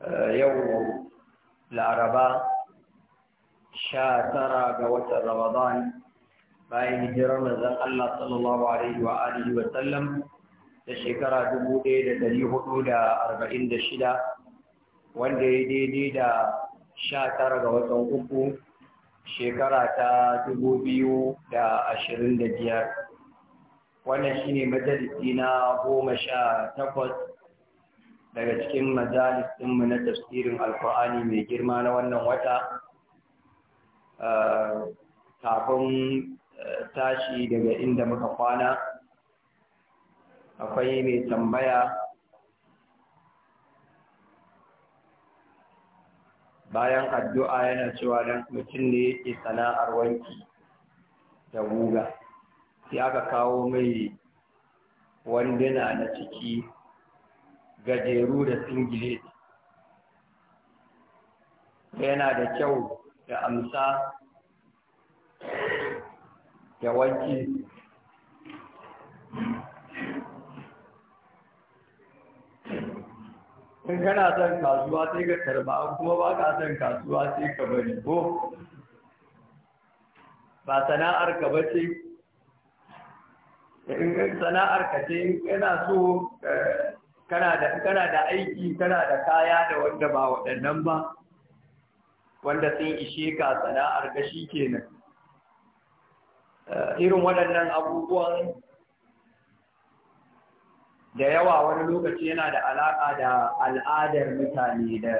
Eh, yau laraba sha tara ga watan ramadan bayan hijirar manzon Allah sallallahu alaihi wa alihi wa sallam da shekara shida wanda ya daidai da sha tara ga watan uku shekara ta da da ashirin biyar wannan shine majalisi na goma sha takwas daga cikin majalis ɗinmu na tafsirin alkur'ani mai girma na wannan wata eh, kafin eh, tashi daga inda muka kwana akwai mai tambaya bayan addu'a yana cewa don mutum ne yake sana'ar wanki da guga sai aka kawo mai wanduna na ciki gajeru da singile yana da kyau da amsa da wanki in kana son kasuwa sai ka karba kuma ba ka son kasuwa sai ka bari ko ba sana'ar ka ba ce in sana'ar ka ce in kana so eh, kana da kana da aiki kana da kaya da wanda ba waɗannan ba wanda sun ishe ka sana'ar gashi kenan eh, irin waɗannan abubuwan da yawa wani lokaci yana da alaƙa da al'adar mutane da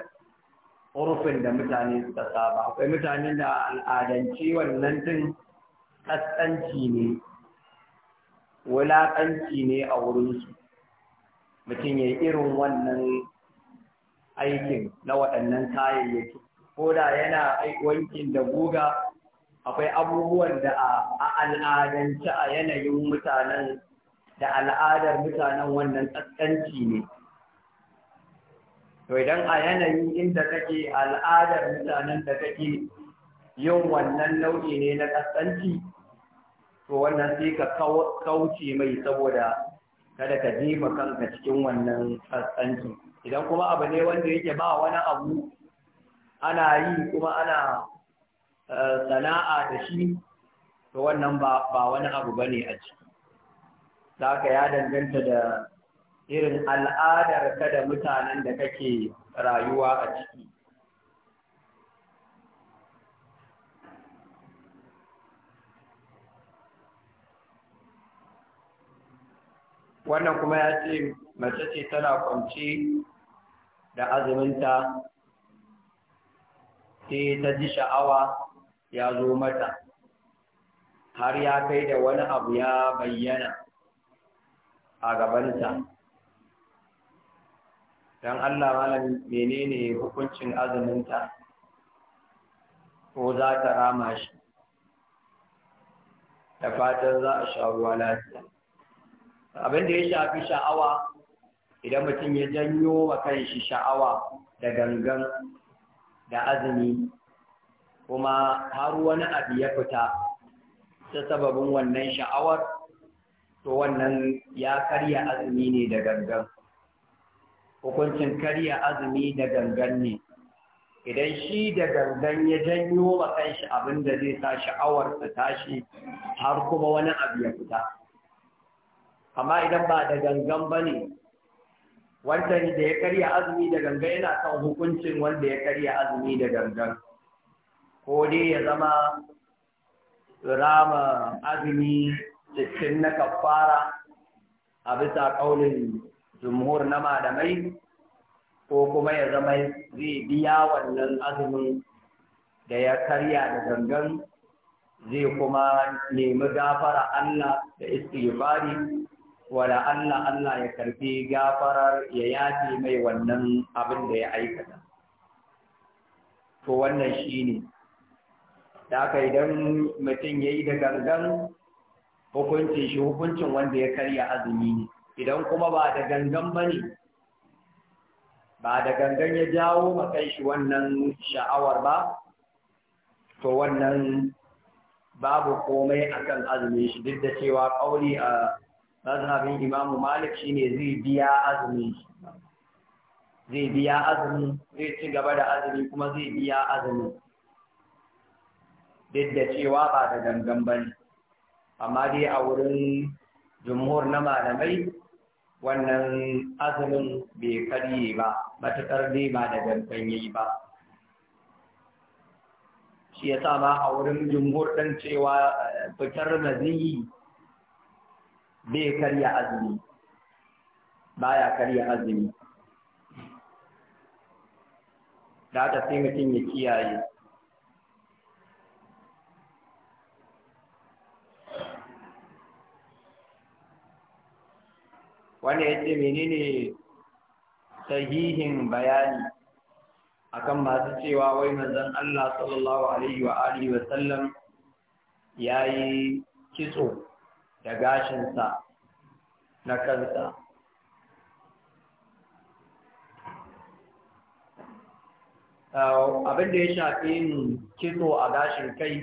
urfin da mutane suka saba akwai mutanen da al'adance wannan tun ƙasƙanci ne wulaƙanci ne a wurin wurinsu mutum ya yi irin wannan aikin na waɗannan kayayyaki ko da yana wankin da guga akwai abubuwan da a al'adance a yanayin mutanen da al'adar mutanen wannan tsakanci ne to idan a yanayin inda kake al'adar mutanen da kake yin wannan nau'i ne na tsakanci to wannan sai ka kauce mai saboda kada ka ji kanka cikin wannan tsantsanci idan kuma abu ne wanda yake ba wani abu ana yi kuma ana eh, sana'a da shi to wannan ba wani abu bane a ciki za ka ya danganta da irin al'adar ka da mutanen da kake rayuwa a ciki wannan kuma ya ce mace ce tana kwanci da azuminta sai ta ji sha'awa ya zo mata har ya kai da wani abu ya bayyana a gabanta don Allah malam menene hukuncin azuminta ko za ta rama shi da fatan za a sha ruwa lafiya abin da ya shafi sha'awa idan mutum ya janyo wa shi sha'awa da gangan da azumi kuma har wani abu ya fita ta sababin wannan sha'awar to wannan ya karya azumi ne da gangan hukuncin karya azumi da gangan ne idan shi da gangan ya janyo wa kanshi abin da zai sa sha'awar ta tashi har kuma wani abu ya fita amma idan ba da gangan ba ne wancan da ya karya azumi da gangan yana kan hukuncin wanda ya karya azumi da gangan ko dai ya zama rama azumi cikin na kafara a bisa ƙaunin jumhur na malamai ko kuma ya zama zai biya wannan azumin da ya karya da gangan zai kuma nemi gafara Allah da istighfari wala Allah Allah ya karbi gafarar ya yafi mai wannan abin da ya aikata to wannan shi ne. da aka idan mutum ya yi da gangan hukuncin shi hukuncin wanda ya karya azumi ne idan kuma ba da gangan ba ne ba da gangan ya jawo makai shi wannan sha'awar ba to wannan babu komai akan azumi shi duk da cewa kauli a mazhabin imamu malik shine zai biya azumi zai biya azumi zai ci gaba da azumi kuma zai biya azumi duk da cewa ba da gangan ba ne amma dai a wurin jumhur na malamai wannan azumin bai karye ba matuƙar dai ba da gangan yayi ba shi ya sa ma a wurin jumhur ɗin cewa fitar maziyi bai karya azumi baya karya azumi da ta sai mutum ya kiyaye wanda ya ce menene sahihin bayani akan masu cewa wai manzon Allah sallallahu alaihi wa alihi wa sallam yayi kitso da gashinsa na kansa abin da ya shafi yin kitso a gashin kai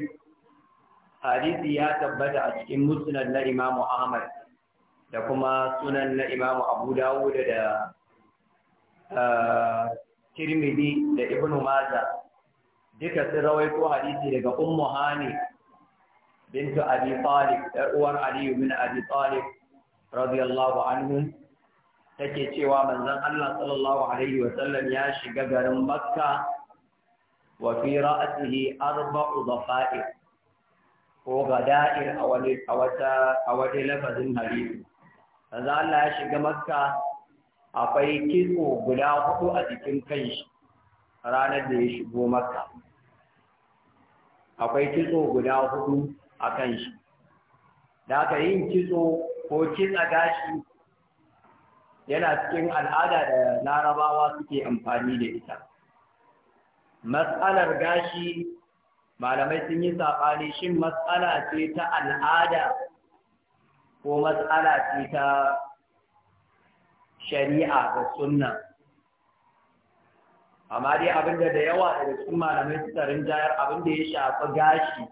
hadisi ya tabbata a cikin musulun na imamu ahmad da kuma sunan na imamu abu dawuda da kirmidi ah, da Ibn maza duka sun rawaito hadisi daga ummu hani bintu Abi Talib ɗan uwar Aliyu bin Abi Talib radiyallahu anhu take cewa manzon Allah sallallahu alaihi wa sallam ya shiga garin Makka wa fi ra'atihi arba'u dhafa'ir ko gada'ir a wani a wata a wani lafazin hadisi manzon Allah ya shiga Makka akwai kitso guda hudu a jikin kanshi ranar da ya shigo Makka akwai kitso guda hudu a kan shi da aka yin kitso ko kitsa gashi yana cikin al'ada da larabawa suke amfani da ita matsalar gashi malamai sun yi saɓani shin matsala ce ta al'ada ko matsala ce ta shari'a da sunna amma dai abinda da yawa daga cikin malamai suka rinjayar abinda ya shafi gashi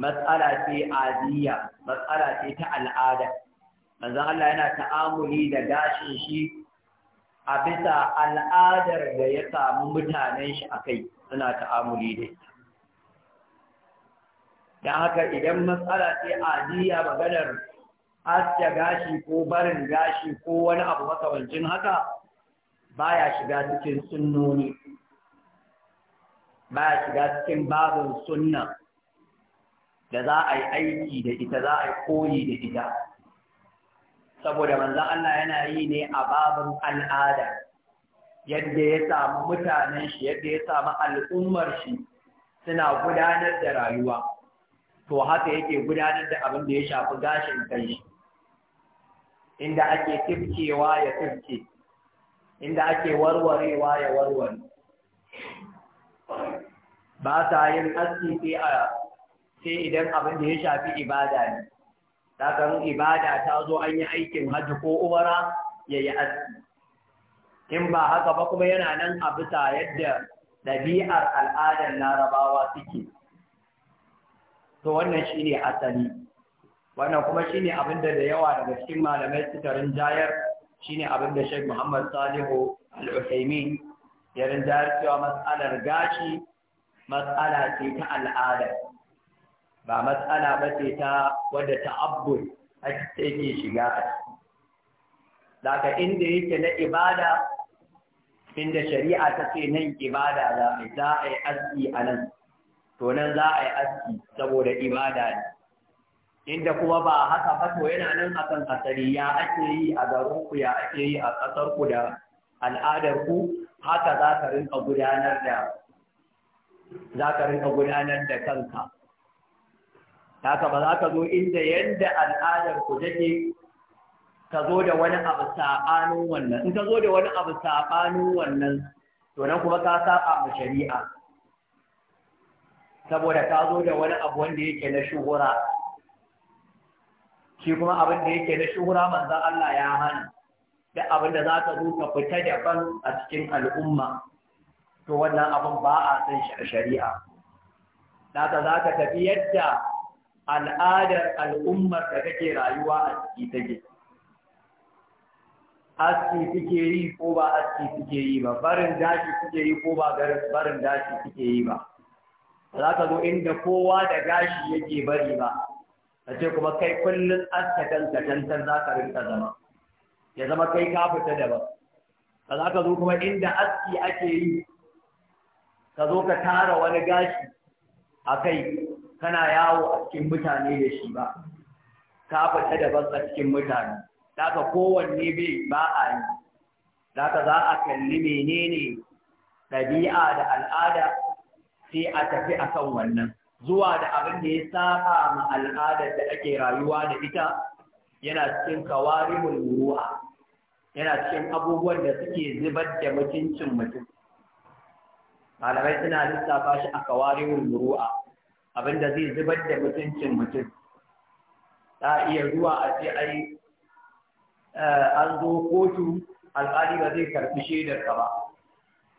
matsala ce matsala ce ta al'ada manzon Allah yana ta'amuli da gashin shi a bisa al'adar da ya samu mutanen shi akai suna ta'amuli da ita dan haka idan matsala ce aziya maganar aske gashi ko barin gashi ko wani abu makamancin haka baya shiga cikin sunnoni baya shiga cikin babin sunna da za a yi aiki da ita za a yi koyi da ita saboda manzan Allah yana yi ne a babin al'ada yadda ya samu mutanen shi yadda ya samu al'ummar shi suna gudanar da rayuwa to haka yake gudanar da abin da ya shafi gashin kai inda ake tifkewa ya tifke inda ake warwarewa ya warware ba sa yin aski sai a sai idan abin da ya shafi ibada ne dakan ibada ta zo an yi aikin hajji ko umara ya yi aski in ba haka ba kuma yana nan a bisa yadda ɗabi'ar al'adar larabawa suke to wannan shine asali wannan kuma shine abin da da yawa daga cikin malamai suka rinjayar shine abin da Sheikh Muhammad Salihu al ya rinjayar cewa mas'alar gashi mas'ala ce ta al'adar. ba matsala ba ce ta wadda ta'abbur ake shiga a ciki daga inda yake na ibada inda shari'a ta ce nan ibada za a za a yi aski a nan to nan za a yi aski saboda ibada ne inda kuma ba haka ba to yana nan akan asali ya ake yi a garinku ya ake yi a ƙasarku da al'adarku haka za ka rinka za ka rinka gudanar da kanka haka ba za ka zo inda yadda al'adar ku take ka zo da wani abu saɓanin wannan in ka zo da wani abu saɓanin wannan to nan kuma ka saba ma shari'a saboda ka zo da wani abu wanda yake na shuhura shi kuma abin da yake na shuhura manzan Allah ya hana da abin da za ka zo ka fita da daban a cikin al'umma to wannan abin ba a san shi a shari'a naka za ka tafi yadda al'adar al'ummar da kake rayuwa a ciki take aski suke yi ko ba aski suke yi ba barin daji suke yi ko ba barin daji suke yi ba za ka zo inda kowa da gashi yake bari ba a ce kuma kai kullum aska kanka tantan za ka rinka zama ya zama kai ka fita daban ba za ka zo kuma inda aski ake yi ka zo ka tara wani gashi a kai kana yawo a cikin mutane da shi ba ka fita daban a cikin mutane ka kowanne bai ba a yi ka za a kalli menene ɗabi'a da al'ada sai a tafi a kan wannan zuwa da abin da ya saba ma al'adar da ake rayuwa da ita yana cikin kawarimul ruwa yana cikin abubuwan da suke zubar da mutuncin mutum malamai suna lissafa shi a kawarimul ruwa Abin da zai zubar da mutuncin mutum ta iya zuwa a ce ai eh, an zo kotu alƙali ba zai karfi shaidar ka ba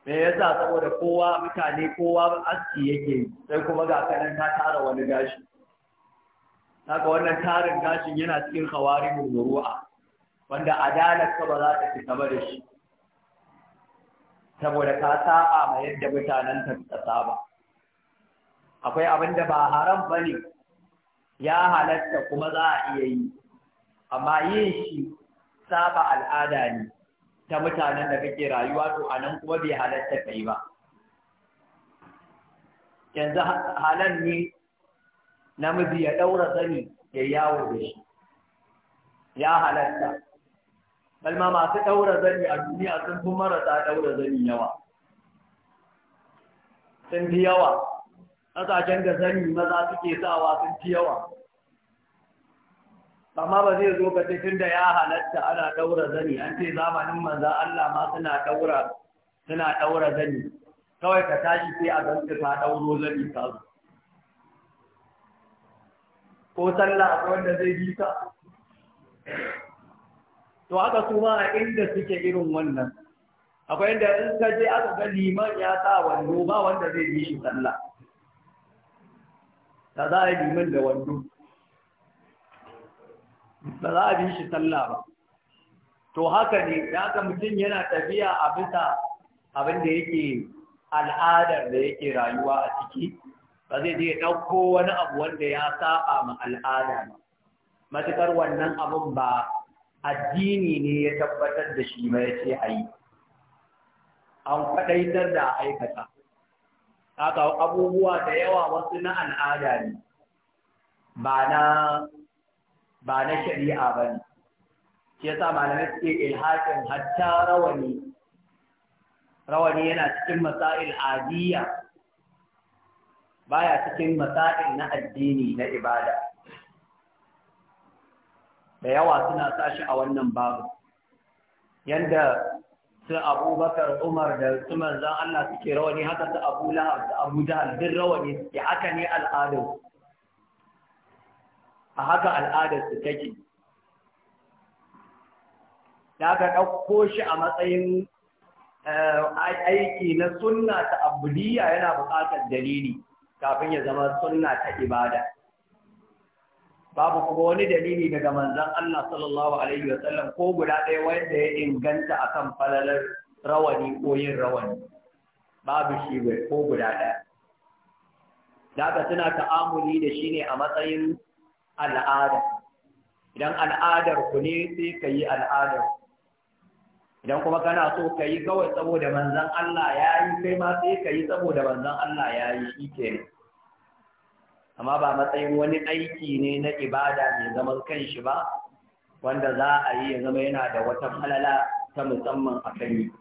me yasa saboda kowa mutane kowa aski yake sai kuma ga kanan ta tara wani gashi haka wannan tarin gashin yana cikin hawari murmuruwa, wanda adalar ka ba za ta fita ba da shi saboda ka sa'a ma yadda mutanen ta saba akwai abin da ba haram ba ne ya halatta kuma za a iya yi amma yin shi saba al'ada ne ta mutanen da kake rayuwa to a nan kuma bai halatta ka yi ba yanzu halan ne namiji ya ɗaura sani ya yawo da shi ya halatta balma masu ɗaura zani a duniya sun fi marasa ɗaura zani yawa sun fi yawa ƙasashen da sani maza suke sawa sun ci yawa amma ba zai zo ka tun da ya halatta ana ɗaura zani an ce zamanin manza Allah ma suna ɗaura suna ɗaura zani kawai ka tashi sai a ganka ka ɗauro zani ka zo ko sallah akwai wanda zai bi ka to haka su ma a inda suke irin wannan akwai inda in ka je aka ga liman ya sa wando ba wanda zai bi shi sallah da za a yi da wando ba za a bi shi sallah ba to haka ne ya ga mutum yana tafiya a bisa abin da yake al'adar da yake rayuwa a ciki ba zai je ɗauko wani abu wanda ya saba ma al'ada ba matukar wannan abin ba addini ne ya tabbatar da shi ba ya ce a yi an kwaɗaitar da aikata haka abubuwa da yawa wasu na al'ada ne ba na shari'a ba ne shi yasa malamai suke ilhakin hatta rawani rawani yana cikin masail adiyya baya cikin masail na addini na ibada da yawa suna sashi a wannan babu yanda su abubakar umar da tsumar zan Allah suke rawani haka su abu lahar su abu jihar duk rawani suke haka ne al'adar a haka al'adar su take da aka ɗauko shi a matsayin eh, aiki na sunna ta abudiyya yana buƙatar dalili kafin ya zama sunna ta ibada babu kuma wani dalili daga manzan Allah sallallahu alaihi wasallam ko guda ɗaya wanda ya inganta a kan falalar rawani ko yin rawani babu shi ko guda ɗaya daga suna ta'amuli da shi ne a matsayin al'ada idan al'adar ku ne sai ka yi al'adar idan kuma kana so ka yi kawai saboda manzan Allah ya yi kai ma sai ka yi saboda manzan Allah ya yi shi kenan amma ba matsayin wani aiki ne na ibada mai zaman kanshi ba wanda za a yi ya zama yana da wata falala ta musamman a kan yi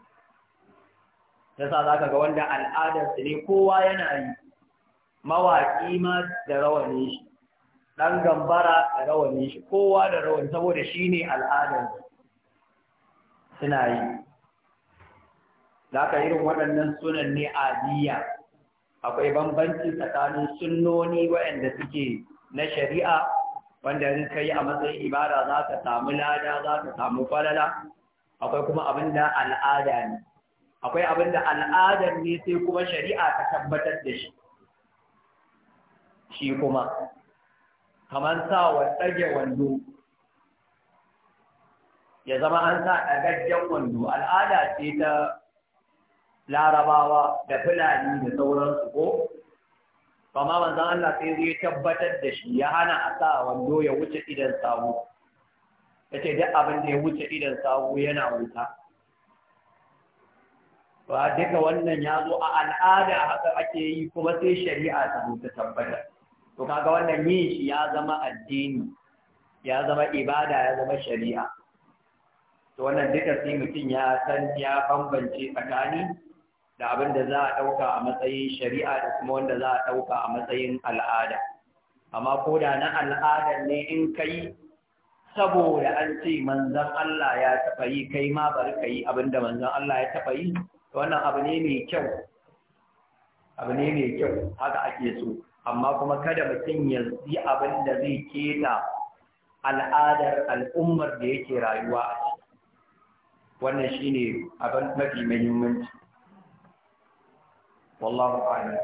ta sa za ka ga wanda su ne kowa yana yi mawaƙi ma da rawani shi ɗan gambara da rawani shi kowa da rawan saboda shi ne al'adar suna yi za ka irin waɗannan sunan ne akwai bambanci tsakanin sunnoni waɗanda suke na shari'a wanda in ka yi a matsayin ibada za ka samu lada za ka samu kwalala akwai kuma abin da al'ada ne akwai abin da al'ada ne sai kuma shari'a ta tabbatar da shi shi kuma kamar sa wa tsage wando ya zama an sa ɗagaggen wando al'ada ce ta larabawa da fulani da sauransu ko kama manzan Allah sai zai tabbatar da shi ya hana a sa wando ya wuce idan sawu ya ce duk abin da ya wuce idan sawu yana wuta ba duka wannan ya zo a al'ada haka ake yi kuma sai shari'a ta zo ta tabbata to kaga wannan yin shi ya zama addini ya zama ibada ya zama shari'a to wannan duka sai mutum ya san ya bambance tsakani da abin da za a ɗauka a matsayin shari'a da kuma wanda za a ɗauka a matsayin al'ada amma ko da na al'ada ne in ka yi saboda an ce manzan Allah ya taɓa yi kai ma bari ka yi abin da manzan Allah ya taɓa yi wannan abu ne mai kyau abu ne mai kyau haka ake so amma kuma kada mutum ya yi abin da zai keta al'adar al'ummar da yake rayuwa a ciki wannan shi ne abin mafi muhimmanci والله اعلم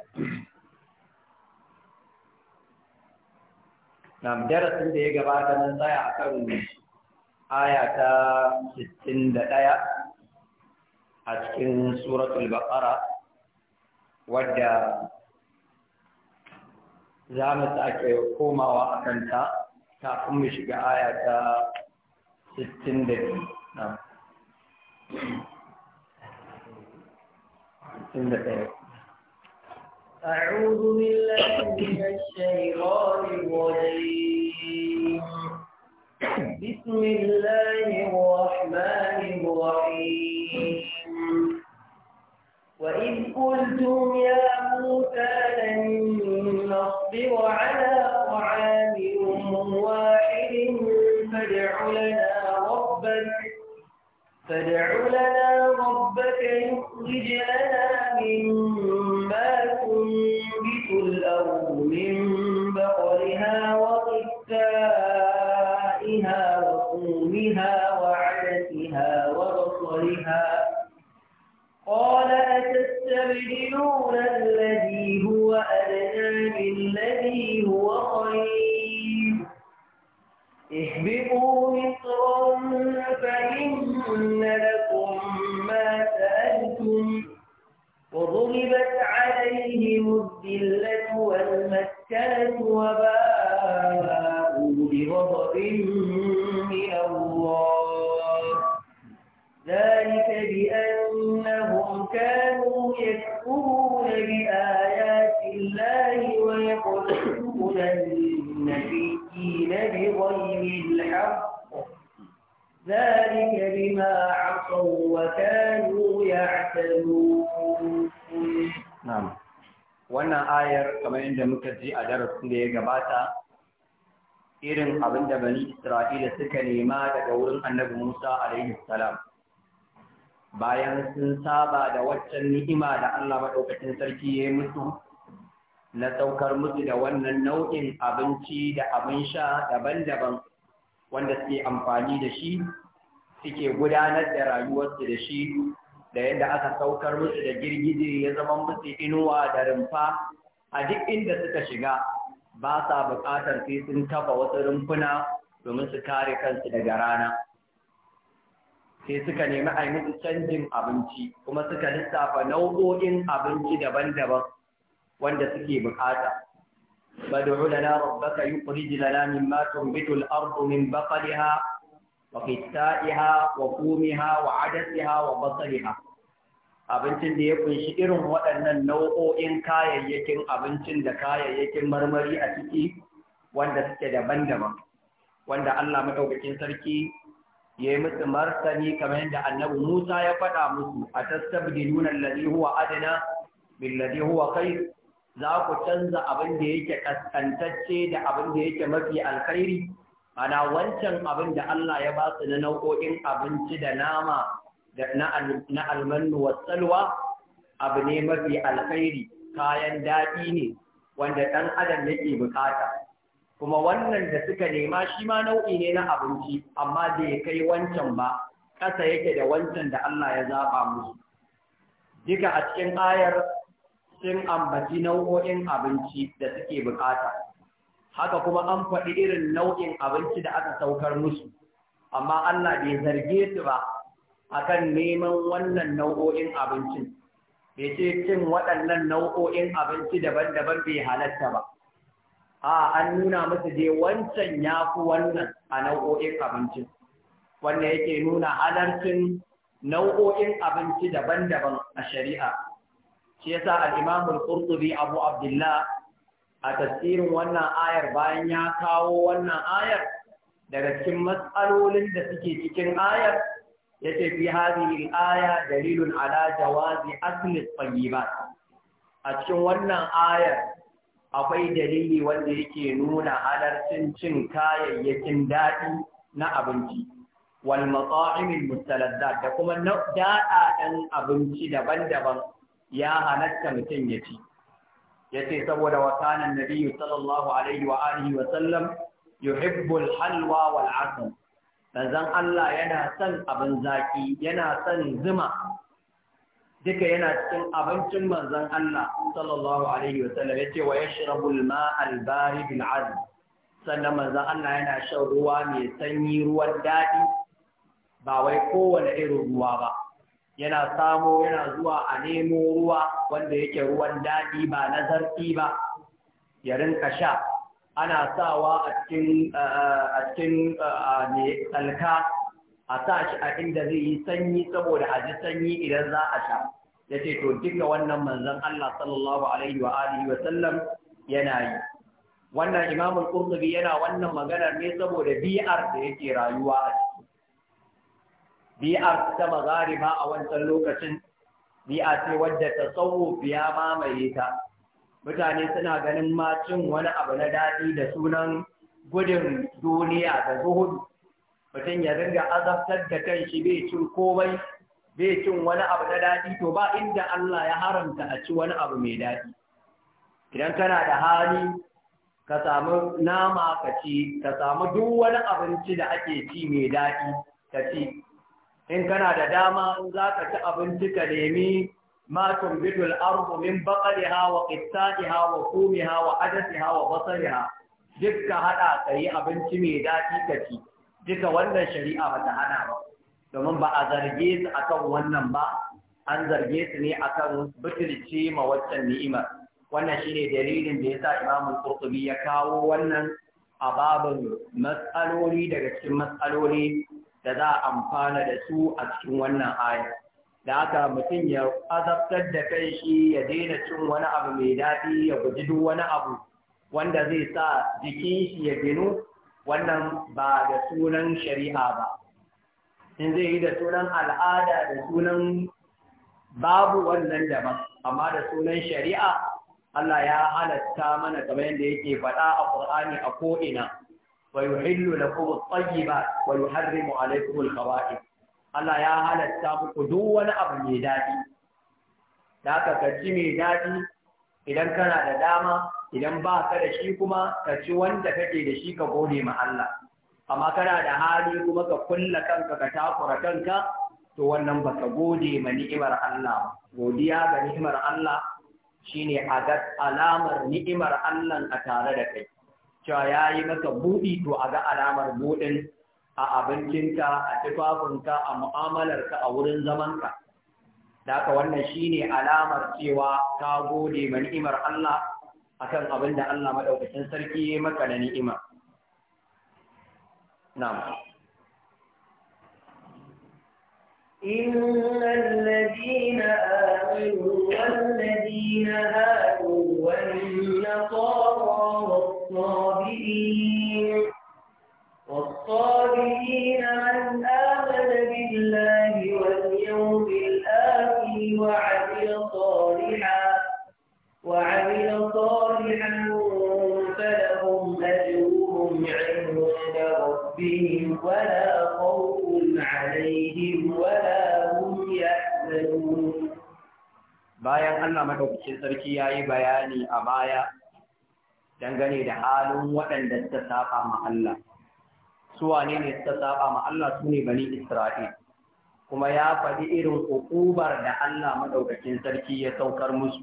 نعم درس اللي هي قبعه من ضيع كرمي آية 60 آية أتكن سورة البقرة ودى زامت أكي وكوما وأكنتا تأخمش بآية 60 آية نعم 60 آية أعوذ بالله من الشيطان الرجيم بسم الله الرحمن الرحيم وإذ قلتم يا موسى لن نصبر على طعام واحد فادع لنا ربك فادع لنا ربك يخرج لنا مما يستبدلون الذي هو أدنى بالذي هو خير اهبئوا مصرا فإن لكم ما سألتم وضربت عليهم الذلة والمسكنة وباءوا بغضب ذلك بما عصوا وكانوا يعتدون نعم wannan ayar kamar yadda muka ji a darasin da ya gabata irin abin da bani Isra'ila suka nema daga wurin Annabi Musa alaihi salam bayan sun saba da waccan ni'ima da Allah madaukakin sarki ya musu na saukar musu da wannan nau'in abinci da abin sha daban-daban wanda suke amfani da shi suke gudanar da rayuwarsu da shi da yadda aka saukar musu da girgije ya zama musu inuwa da rumfa a duk inda suka shiga ba sa buƙatar sai sun kafa wasu rumfuna domin su kare kansu daga rana sai suka nemi a yi musu canjin abinci kuma suka lissafa nau'o'in abinci daban-daban wanda suke buƙata فادع لنا ربك يخرج لنا مما تنبت الأرض من بقلها وقثائها وفومها وعدسها وبصلها abincin da ya kunshi irin waɗannan nau'o'in kayayyakin abincin da kayayyakin marmari a ciki wanda suke daban-daban wanda Allah maɗaukakin sarki ya yi musu martani kamar yadda annabi Musa ya faɗa musu a tastabdiluna allazi huwa adana bin ladhi huwa kai. za ku canza abin da yake kaskantacce da abin da yake mafi alkhairi ana wancan abin da Allah ya ba su na nau'o'in abinci da nama na almanu salwa abu ne mafi alkhairi kayan daɗi ne wanda ɗan adam yake bukata kuma wannan da suka nema shi ma nau'i ne na abinci amma da ya kai wancan ba ƙasa yake da wancan da Allah ya zaɓa musu duka a cikin ayar sun ambaci nau'o'in abinci da suke bukata haka kuma an faɗi irin nau'in abinci da aka saukar musu amma Allah bai zarge su ba akan neman wannan nau'o'in abincin bai ce cin waɗannan nau'o'in abinci daban-daban bai halatta ba a an nuna musu je wancan ya fi wannan a nau'o'in abincin wanda yake nuna halarcin nau'o'in abinci daban-daban a shari'a shi yasa al-Imam al-Qurtubi Abu Abdullah a tafsirin wannan ayar bayan ya kawo wannan ayar daga cikin matsalolin da suke cikin ayar yace fi hadhihi al-aya dalilun ala jawazi asli at-tayyibat a cikin wannan ayar akwai dalili wanda yake nuna halarcin cin kayayyakin daɗi na abinci wal matsa'imin mustaladdat da kuma daɗaɗen abinci daban-daban ya halatta mutum ya ci ya ce saboda wakanan nabi sallallahu alaihi wa alihi wa sallam yuhibbul halwa wal asal Allah yana son abin zaki yana son zuma duka yana cikin abincin manzon Allah sallallahu alaihi wa sallam ce, wa yashrabul ma'al barid al azb sannan manzon Allah yana shan ruwa mai sanyi ruwan daɗi. ba wai kowane irin ruwa ba yana samo yana zuwa a nemo ruwa wanda yake ruwan daɗi ba na zarfi ba ya rinka sha ana sawa a cikin a cikin a sa shi a inda zai yi sanyi saboda a sanyi idan za a sha ya ce to duka wannan manzon Allah sallallahu alaihi wa alihi wa sallam yana yi wannan imamul qurtubi yana wannan maganar ne saboda bi'ar da yake rayuwa a bi'a ta magarima a wancan lokacin bi'a ce wadda ta tsawo ya mamaye ta mutane suna ganin ma cin wani abu na daɗi da sunan gudun duniya da zuhu. mutum ya ringa azabtar da kan shi bai cin komai bai cin wani abu na daɗi to ba inda Allah ya haramta a ci wani abu mai daɗi idan kana da hali ka samu nama ka ci ka samu duk wani abinci da ake ci mai daɗi ka ci in kana da dama in za ka ci abinci ka nemi ma bitul ardu min baqaliha wa qittaiha wa qumiha wa adasiha duk ka haɗa ka yi abinci mai daɗi ka ci duka wannan shari'a ba ta hana ba domin ba a zarge su kan wannan ba an zarge su ne akan bitulce ma waccan ni'imar wannan shine dalilin da yasa Imam Qurtubi ya kawo wannan a babin matsaloli daga cikin matsaloli da za a amfana da su a cikin wannan aya da aka mutum ya azabtar da kai shi ya daina cin wani abu mai daɗi ya guji duk wani abu wanda zai sa jikin shi ya ginu wannan ba da sunan shari'a ba in zai yi da sunan al'ada da sunan babu wannan daban amma da sunan shari'a Allah ya halatta mana kamar yadda yake faɗa a ƙur'ani a ko'ina ويحل لكم الطيبات ويحرم عليكم الخبائث Allah ya halatta muku duk wani abu mai daɗi da ka kaci mai daɗi idan kana da dama idan ba ka da shi kuma ka ci wanda kake da shi ka gode ma Allah amma kana da hali kuma ka kulla kanka ka takura kanka to wannan ba ka gode ma ni'imar Allah godiya ga ni'imar Allah shine a alamar ni'imar Allah a tare da kai cewa ya yi maka buɗi to a ga alamar buɗin a abincinka a tufafinka a mu'amalarka a wurin zamanka da haka wannan shine alamar cewa ka gode ma ni'imar Allah akan abin da Allah madaukakin sarki ya maka na ni'ima na'am إن الذين آمنوا والذين هادوا والنصارى والصابرين والصابرين من آمن بالله واليوم الآخر وعمل صالحا وعمل صالحا فلهم أجرهم عند ربهم ولا خوف عليهم ولا هم يحزنون bayan Allah madaukakin sarki yayi bayani a baya dangane da halin waɗanda suka saba ma Allah su wane ne suka saba ma Allah su ne bani Isra'il kuma ya faɗi irin ƙuƙubar da Allah maɗaukakin sarki ya saukar musu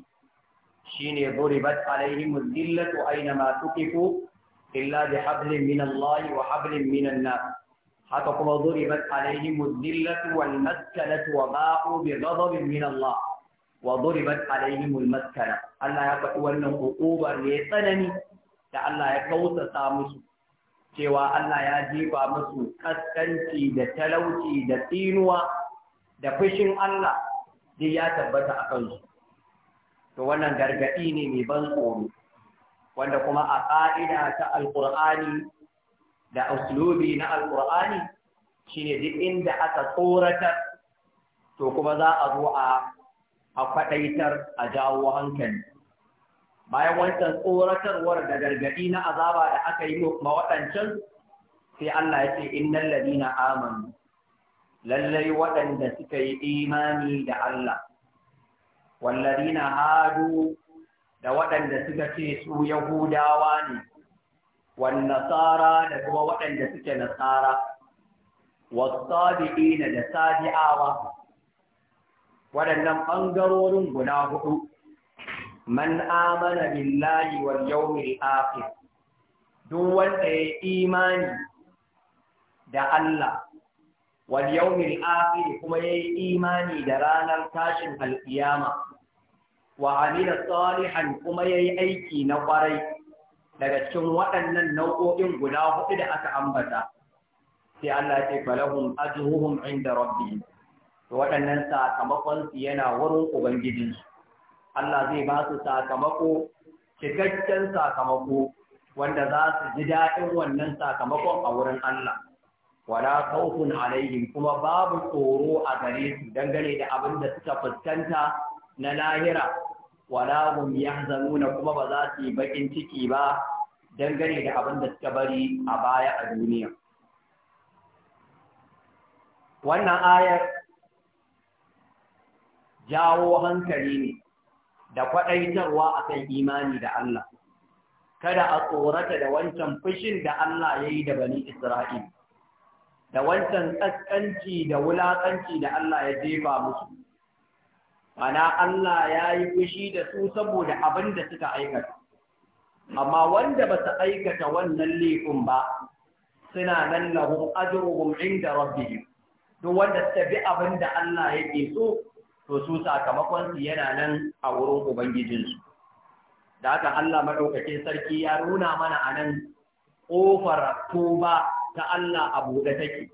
shine duribat alaihim zillatu aina ma tuqifu illa bi hablin min Allah wa hablin min an haka kuma duribat alaihim zillatu wal maskalatu wa ba'u bi ghadabin min Allah wa duribat alaihim almaskara Allah ya faɗi wannan hukubar ne tsanani da Allah ya kautsa musu cewa Allah ya jefa musu kaskanci da talauci da tsinuwa da fushin Allah duk ya tabbata a kansu to wannan gargaɗi ne mai ban tsoro wanda kuma a ƙa'ida ta alƙur'ani da uslubi na alƙur'ani ne duk inda aka tsoratar to kuma za a zo a a kwaɗaitar a jawo hankali bayan wancan tsoratarwar da gargaɗi na azaba da aka yi ma waɗancan sai Allah ya ce innal na amanu lallai waɗanda suka yi imani da Allah walladina hadu da waɗanda suka ce su yahudawa ne wan nasara da kuma waɗanda suke nasara wasabi'ina da sabi'awa waɗannan ɓangarorin guda hudu man amana billahi wal yawmil akhir duk wanda ya imani da Allah wal yawmil akhir kuma yayi imani da ranar tashin alkiyama wa amila salihan kuma yayi aiki na kwarai daga cikin waɗannan nau'o'in guda hudu da aka ambata sai Allah ya ce falahum ajruhum inda rabbihim to waɗannan sakamakonsu yana wurin ubangiji, Allah zai ba su sakamako cikakken sakamako wanda za su ji daɗin wannan sakamakon a wurin Allah wala khawfun alaihim kuma babu tsoro a gare su dangane da abin da suka fuskanta na lahira wala hum yahzanuna kuma ba za su yi bakin ciki ba dangane da abin da suka bari a baya a duniya wannan ayar jawo hankali ne da kwaɗaitarwa a kan imani da Allah, kada a tsorata da wancan fushin da Allah ya yi da bani Isra'il, da wancan tsakanci da wulaƙanci da Allah ya jefa musu. Mana Allah ya yi fushi da su saboda abin da suka aikata, amma wanda ba su aikata wannan laifin ba, suna nan lahum ajruhum inda rabbi. duk wanda suka bi abin da Allah yake so to su sakamakonsu yana nan a wurin Ubangijinsu. Da haka Allah maɗaukakin sarki ya nuna mana a nan ƙofar tuba ta Allah a buɗe take,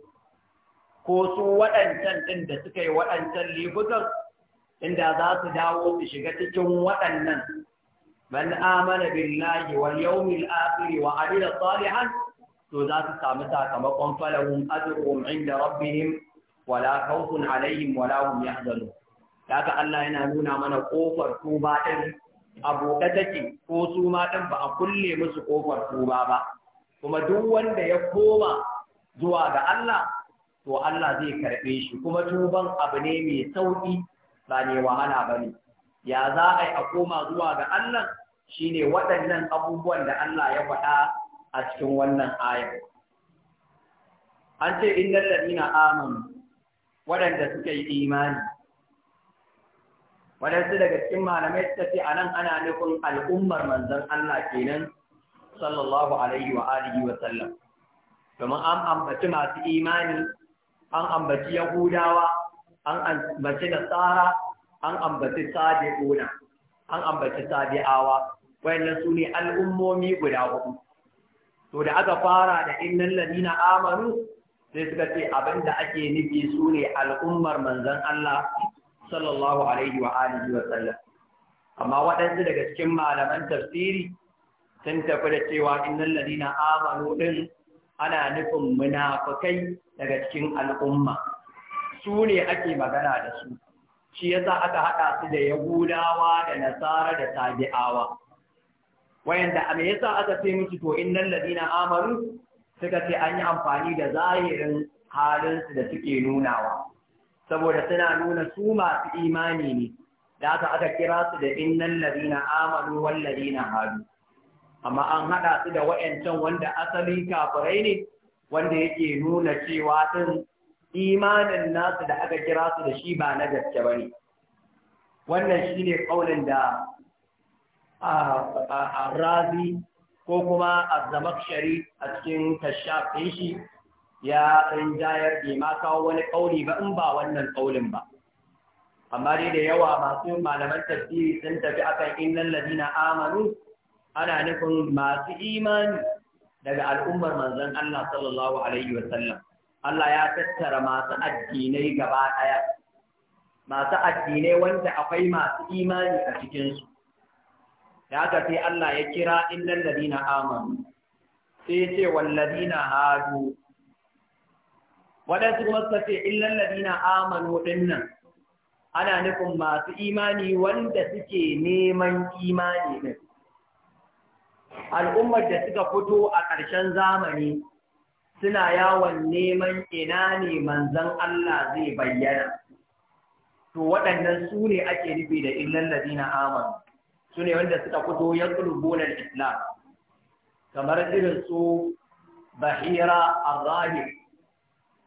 ko su waɗancan ɗin da suka yi waɗancan lifukan inda za su dawo su shiga cikin waɗannan. Man amana billahi wal yawmil akhir wa amila salihan to za su samu sakamakon falahum ajruhum inda rabbihim wala khawfun alaihim wala hum yahzanun Daga Allah yana nuna mana ƙofar tuba ɗin abota take ko su ma ɗin ba a kulle musu kofar tuba ba. Kuma duk wanda ya koma zuwa ga Allah, to Allah zai karɓe shi kuma tuban abu ne mai sauƙi ba ne wahala bane. Ya za a yi a koma zuwa ga Allah shine ne waɗannan abubuwan da Allah ya faɗa a cikin wannan aya An ce, innal ladina amanu waɗanda suka yi imani, waɗansu daga cikin malamai suka ce a nan ana nufin al'ummar manzon Allah kenan sallallahu alaihi wa alihi wa sallam domin an ambaci masu imani an ambaci yahudawa an ambaci nasara an ambaci sabi'una an ambaci Sadi'awa, wayannan su ne al'ummomi guda hudu to da aka fara da innal ladina amanu sai suka ce abinda ake nufi su ne al'ummar manzon Allah sallallahu alaihi wa alihi wa sallam amma waɗansu daga cikin malaman tafsiri sun tafi da cewa innal ladina amanu din ana nufin munafikai daga cikin al'umma su ne ake magana da su shi yasa aka hada su da yahudawa da nasara da tabi'awa wayanda a me yasa aka ce musu to innal ladina amanu suka ce an yi amfani da zahirin halin su da suke nunawa saboda suna nuna su masu imani ne da aka aka kira su da innan ladina amanu wal ladina hadu amma an hada su da wayancan wanda asali kafirai ne wanda yake nuna cewa din imanin nasu da aka kira su da shi ba na gaske bane wannan shine kaulin da a razi ko kuma az-zamakhshari a cikin kashaf shi ya rinjayar bai ma kawo wani ƙauli ba in ba wannan ƙaulin ba amma dai da yawa masu malaman tafsiri sun tafi a kan innal ladina amanu ana nufin masu imani daga al'ummar manzan Allah sallallahu alaihi wa sallam Allah ya tattara masu addinai gaba ɗaya. masu addinai wanda akwai masu imani a cikinsu. Ya da sai Allah ya kira innal ladina amanu sai ya ce wal ladina hadu waɗansu kuma suka ce illan ladina amanu dinnan ana nufin masu imani wanda suke neman imani al'ummar da suka fito a ƙarshen zamani suna yawon neman ina ne manzan Allah zai bayyana to waɗannan su ne ake nufi da illan ladina amanu su ne wanda suka fito ya tsulubunan islam kamar irin su bahira arrahim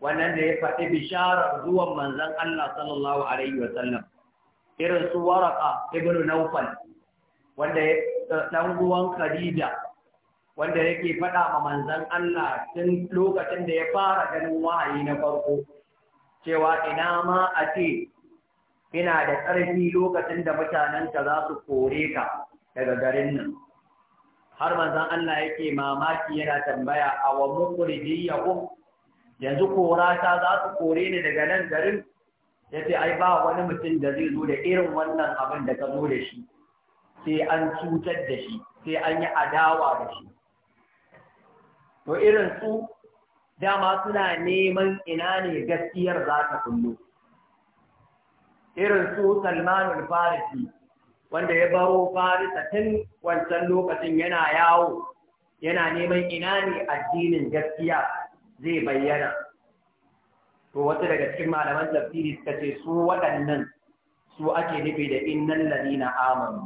wannan da ya faɗi bishara zuwan manzon Allah sallallahu alaihi wa sallam irin su waraka ibnu naufal wanda dan ruwan khadija wanda yake faɗa ma manzon Allah tun lokacin da ya fara ganin wahayi na farko cewa ina ma a ce ina da ƙarfi lokacin da mutanenka za su kore ka daga garin nan har manzon Allah yake mamaki yana tambaya a wa mukhrijiyahum yanzu kora ta za su kore ni daga nan garin ya ce ai ba wani mutum da zai zo da irin wannan abin da ka zo da shi sai an cutar da shi sai an yi adawa da shi to irin su dama suna neman ina ne gaskiyar za ta kullu irin su salmanul farisi wanda ya baro farisa tun wancan lokacin yana yawo yana neman ina ne addinin gaskiya zai bayyana to wata daga cikin malaman tafsiri suka ce su waɗannan su ake nufi da innal ladina amanu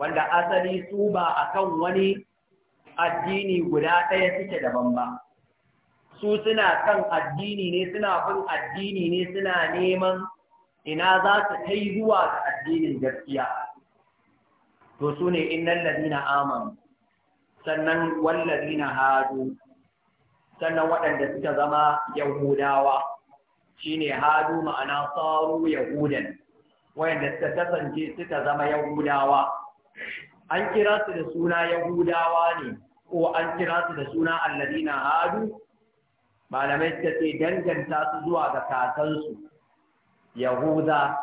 wanda asali su ba a kan wani addini guda ɗaya suke daban ba su suna kan addini ne suna bin addini ne suna neman ina za su kai zuwa ga addinin gaskiya to su ne innal ladina amanu sannan wallazina hadu sannan waɗanda suka zama yahudawa shine hadu ma'ana tsaro yahudan wayanda suka kasance suka zama yahudawa an kira su da suna yahudawa ne ko an kira su da suna alladina hadu malamai suka ce danganta su zuwa ga kakansu yahuda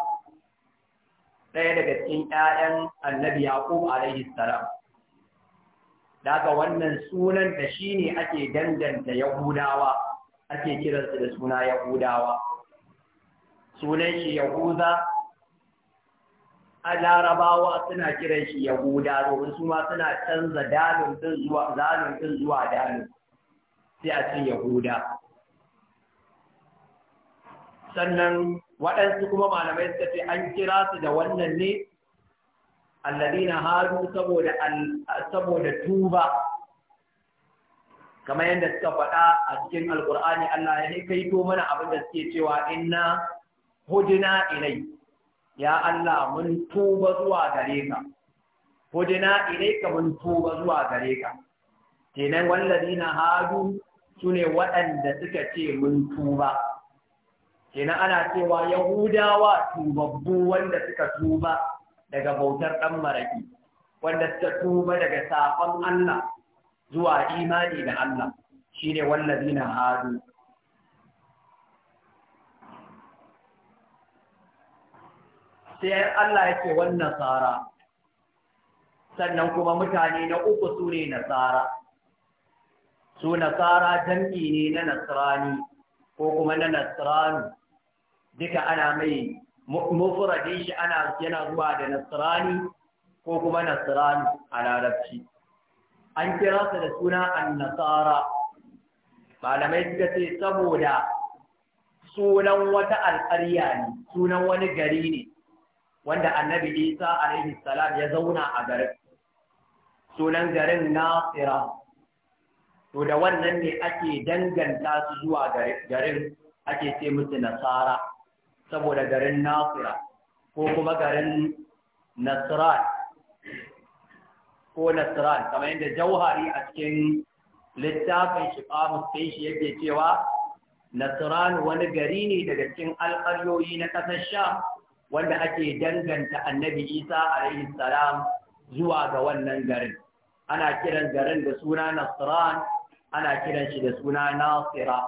ɗaya daga cikin 'ya'yan annabi Yaƙub alaihi daga wannan sunan da shi ne ake danganta yahudawa ake kiransu da suna yahudawa sunan shi yahuza a larabawa suna kiran shi yahuda domin su ma suna canza dalin din zuwa zalin din zuwa dalin sai a ce yahuda sannan waɗansu kuma malamai suka ce an kira su da wannan ne alladina hadu saboda saboda tuba kamar yadda suka faɗa a cikin Alƙur'ani, Allah ya kai to mana abin da suke cewa inna hudina ilai ya Allah mun tuba zuwa gare ka hudina ilai ka mun tuba zuwa gare ka kenan walladina hadu sune waɗanda suka ce mun tuba kenan ana cewa yahudawa tubabbu wanda suka tuba daga bautar ɗan maraƙi wanda suka tuba daga safon Allah zuwa imani da Allah shi shine wallazina hadu sai Allah yake wannan tsara sannan kuma mutane na uku su ne nasara su nasara jam'i ne na Nasirani ko kuma na nasirani duka ana mai mufradin shi ana yana zuwa da nasrani ko kuma nasrani a larabci an kira su da suna annasara malamai suka ce saboda sunan wata alƙarya ne sunan wani gari ne wanda annabi isa alaihi salam ya zauna a garin sunan garin nasira to da wannan ne ake danganta su zuwa garin ake ce musu nasara saboda garin Nasira ko kuma garin Nasiran, ko Nasiran kamar yadda jauhari a cikin littafin shiqamu sai shi yake cewa Nasiran wani gari ne daga cikin alƙaryoyi na ƙasar Sham wanda ake danganta Annabi Isa alaihi salam zuwa ga wannan garin ana kiran garin da suna Nasiran. ana kiran shi da suna Nasira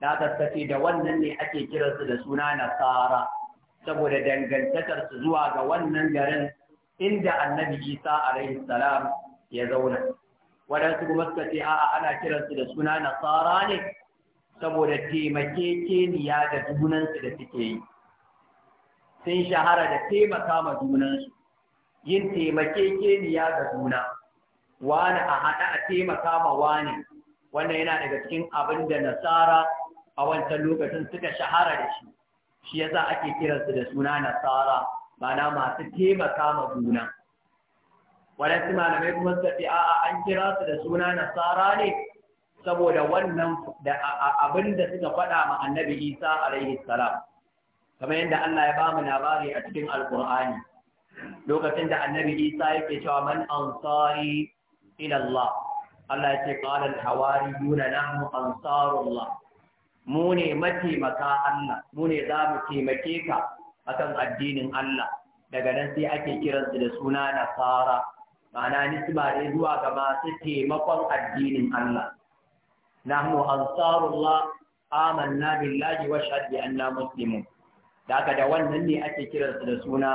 na tattace da wannan ne ake kiransu da suna nasara saboda dangantakarsu zuwa ga wannan garin inda annabi isa alaihi salam ya zauna waɗansu kuma suka ce a'a ana kiransu da suna nasara ne saboda taimakekeniya da junansu da suke yi sun shahara da taimaka ma junansu yin taimakekeniya ga juna wani a haɗa a taimaka ma wani wannan yana daga cikin abin da nasara a wancan lokacin suka shahara da shi shi yasa ake kiransu da suna nasara mana masu taimaka ma juna waɗansu malamai kuma suka ce a'a an kira su da suna nasara ne saboda wannan da abin da suka faɗa ma annabi isa alaihi salam kamar yadda Allah ya bamu labari a cikin alkur'ani lokacin da annabi isa yake cewa man ansari ila Allah Allah ya ce qala al-hawariyuna nahnu ansarullah mu ne mataimaka Allah mu ne za mu taimake ka akan addinin Allah daga nan sai ake kiransu da suna nasara ma'ana nisba ne zuwa ga masu taimakon addinin Allah nahnu ansarullah amanna billahi wa shahadu bi anna muslimun daga da wannan ne ake kiransu da suna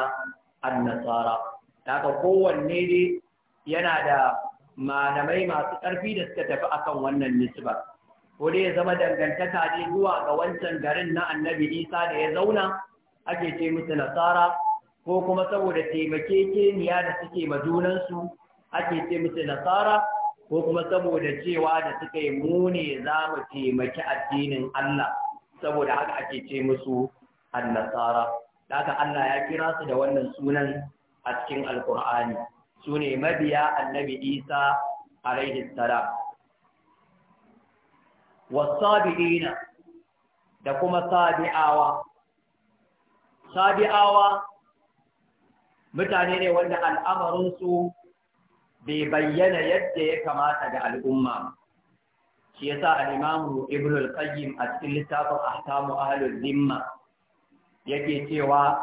annasara daga kowanne dai yana da malamai masu ƙarfi da suka tafi akan wannan nisbar ko dai ya zama dangantaka ne zuwa ga wancan garin na annabi isa da ya zauna ake ce musu nasara ko kuma saboda taimakekeniya da suke ma junansu ake ce musu nasara ko kuma saboda cewa da suka yi mu za mu taimaki addinin Allah saboda haka ake ce musu annasara da haka Allah ya kira su da wannan sunan a cikin alkur'ani su ne mabiya annabi isa alaihi salam wasabi'ina da kuma sabi'awa sabi'awa mutane ne wanda al'amarinsu bai bayyana yadda ya kamata ga al'umma shi yasa al-imamu al-qayyim a cikin littafin ahkamu ahlul zimma yake cewa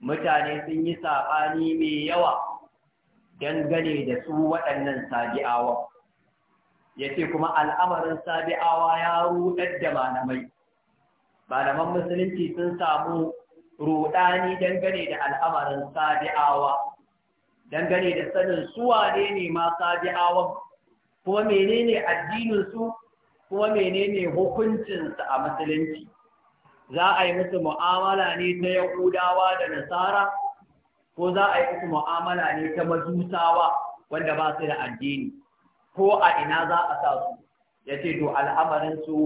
mutane sun yi sabani mai yawa dangane da su waɗannan sabi'awa Ya ce kuma al'amarin sabi'awa ya rudar da malamai malaman musulunci sun samu rudani dangane da al'amarin sabi'awa dangane da sanin suwa ne ne ma sabi'awan kuma menene addinin su kuma menene hukuncinsu a musulunci za a yi musu mu'amala ne ta yahudawa da nasara ko za a yi musu mu'amala ne ta majusawa wanda ba su da addini ko a ina za a sa su ya ce to su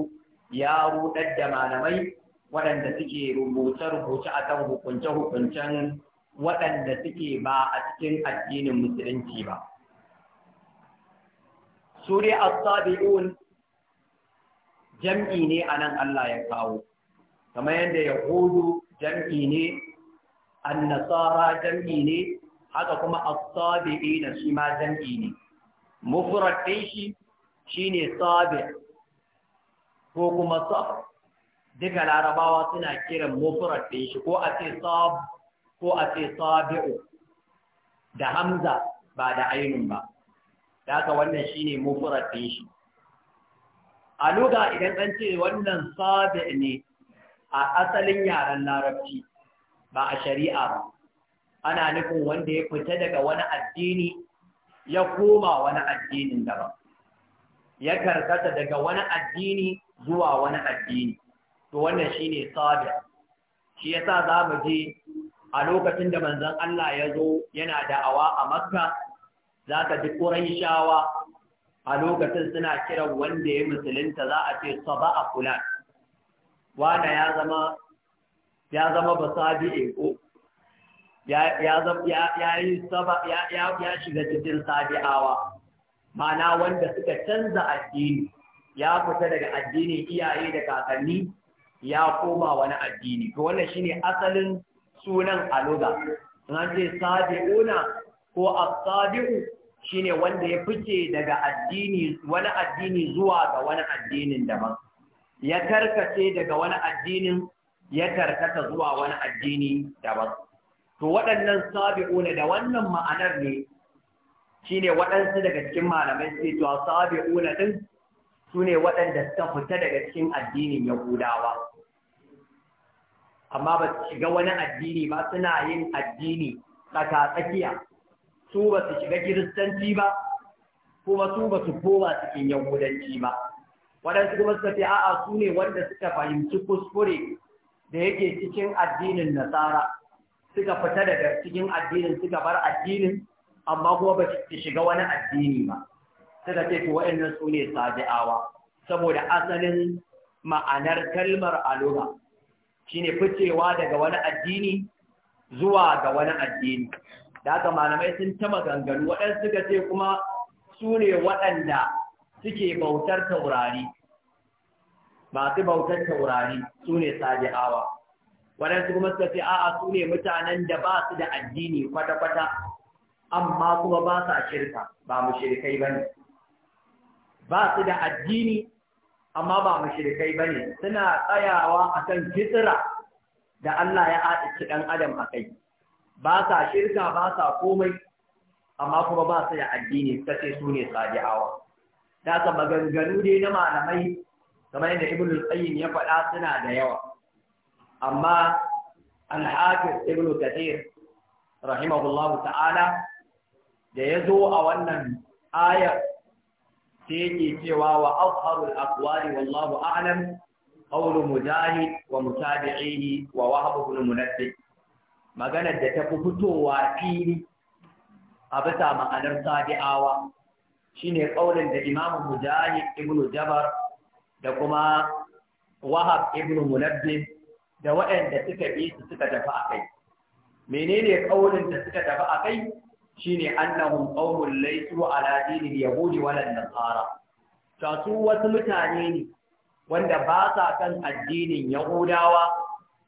ya rudar da malamai waɗanda suke rubuce-rubuce a kan hukunce-hukuncen waɗanda suke ba a cikin addinin musulunci ba. Suri al-Sabi'un jam'i ne anan nan Allah ya kawo, kamar yadda Yahudu jam'i ne, annasara jam'i ne, haka kuma al-Sabi'i shi ma jam'i ne. mufrad ɗin shi shine sabir ko kuma sab duka larabawa suna kiran mufrad shi ko a ce sab ko a ce sabi'u da hamza ba da ainun ba da aka wannan shine ne ɗin shi a luga idan an ce wannan sabi ne a asalin yaren larabci ba a shari'a ba ana nufin wanda ya fita daga wani addini ya koma wani addinin daban ya karkata daga wani addini zuwa wani addini to wannan shine sabir shi yasa zamu je a lokacin da manzon Allah ya zo yana da'awa a Makka zaka ji Qurayshawa a lokacin suna kiran wanda ya musulunta za a ce saba'a fulan wanda ya zama ya zama basabi'i ko ya shiga cikin sabi'awa mana wanda suka canza addini ya fita daga addinin iyaye da kakanni ya koma wani addini to wannan shine asalin sunan aluga an ce sabi'una ko as-sabi'u shine wanda ya fice daga addini wani addini zuwa ga wani addinin daban ya karkace daga wani addinin ya karkata zuwa wani addini daban to waɗannan sabi'una da wannan ma'anar ne shine waɗansu daga cikin malamai sai to sabi'una din ne waɗanda suka fita daga cikin addinin Yahudawa amma ba su shiga wani addini ba suna yin addini tsaka tsakiya su ba su shiga kiristanci ba kuma su ba su koma cikin yahudanci ba waɗansu kuma suka fi a'a su ne wanda suka fahimci kuskure da yake cikin addinin nasara suka fita daga cikin addinin suka bar addinin amma kuma ba su shiga wani addini ba suka ce to wa'annan su ne sabi'awa saboda asalin ma'anar kalmar alura shine ficewa daga wani addini zuwa ga wani addini da haka malamai sun ta maganganu waɗansu suka ce kuma sune ne waɗanda suke bautar taurari masu bautar taurari sune ne sabi'awa waɗansu kuma suka ce a'a su ne mutanen da ba su da addini kwata-kwata amma kuma ba a shirka ba mu shirkai ba ne ba su da addini amma ba mu shirkai ba ne suna tsayawa a kan fitira da Allah ya haɗici ɗan adam a kai ba sa shirka ba sa komai amma kuma ba su da addini suka ce su ne sadi'awa da maganganu dai na malamai kamar yadda ibnul ya faɗa suna da yawa amma al-hafiz ibn kathir rahimahullahu ta'ala da ya zo a wannan ayar sai ke cewa wa azharul aqwali wallahu a'lam qawlu mujahid wa mutabi'ihi wa wahab ibn munaffih maganar da ta fi fitowa fili a bisa ma'anar sabi'awa shine ƙaunin da Imam Mujahid ibn Jabar da kuma Wahab ibn Munabbih da waɗanda suka bi su suka tafi a kai menene ƙaunin da suka tafi a kai shine annahum qaumun laysu ala dinil yahudi wala nasara to su wasu mutane ne wanda ba sa kan addinin yahudawa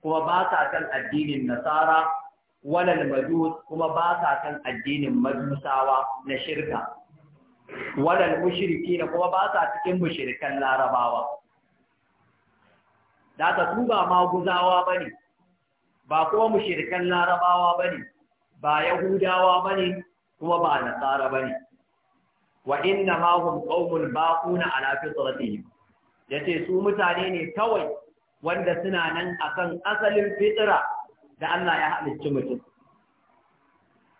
kuma ba sa kan addinin nasara wala majus kuma ba sa kan addinin majusawa na shirka wala mushriki kuma ba sa cikin mushrikan larabawa da aka su ba maguzawa ba ne ba kuma mushirikan larabawa ba ne ba yahudawa ba ne kuma ba nasara bane. ne wa inna ma hum qaumun baquna ala fitratihim yace su mutane ne kawai wanda suna nan akan asalin fitra da Allah ya halicci mutum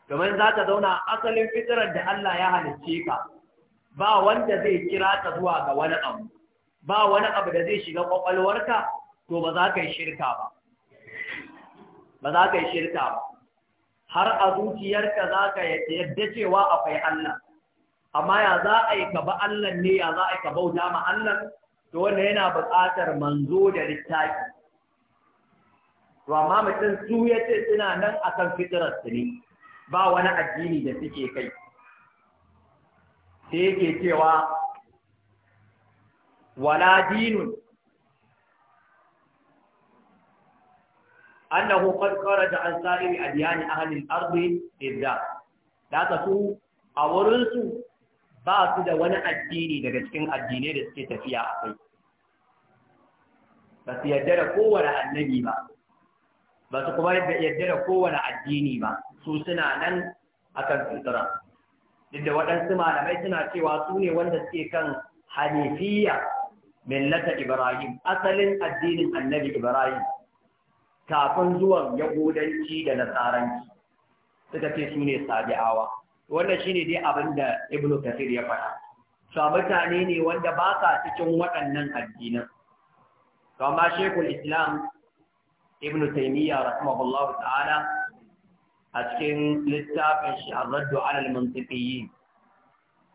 domin za ta zauna asalin fitrar da Allah ya halicce ka ba wanda zai kira ta zuwa ga wani abu ba wani abu da zai shiga kwakwalwarka to ba za ka yi shirka ba ba za ka yi shirka ba har a zuciyarka za ka yadda cewa akwai Allah amma ya za a yi ka ba Allah ne ya za a yi ka bauta ma Allah to wanda yana buƙatar manzo da littafi to amma mutum su ya ce suna nan akan fitirar su ne ba wani addini da suke kai sai yake cewa wala dinun annahu qad kharaja an sa'iri adyan ahli al-ardi idda da ka su a wurin su ba su da wani addini daga cikin addinai da suke tafiya a kai ba su yarda da kowane annabi ba ba su kuma yarda da kowane addini ba su suna nan akan fitira Inda waɗansu malamai suna cewa su ne wanda suke kan hanifiya millata ibrahim asalin addinin annabi ibrahim kafin zuwan yahudanci da nasaranci suka ce su ne sabi'awa wannan shine dai abin da ibnu kasir ya faɗa sa mutane ne wanda ba sa cikin waɗannan addinan kama shekul islam ibnu taimiyya rahimahullahu ta'ala a cikin littafin shi ar-raddu 'ala al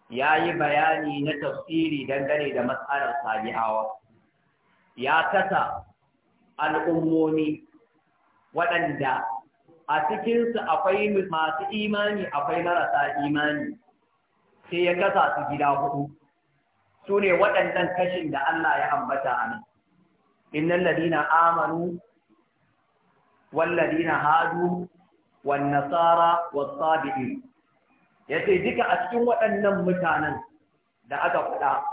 yayi bayani na tafsiri dangane da mas'alar sabi'awa ya kasa al'ummomi waɗanda a cikinsu akwai masu imani akwai marasa imani sai ya gasa su gida hudu su ne waɗannan kashin da Allah ya ambata a nan innan ladina amanu walladina hadu wan nasara was-sabiin yace duka a cikin waɗannan mutanen da aka faɗa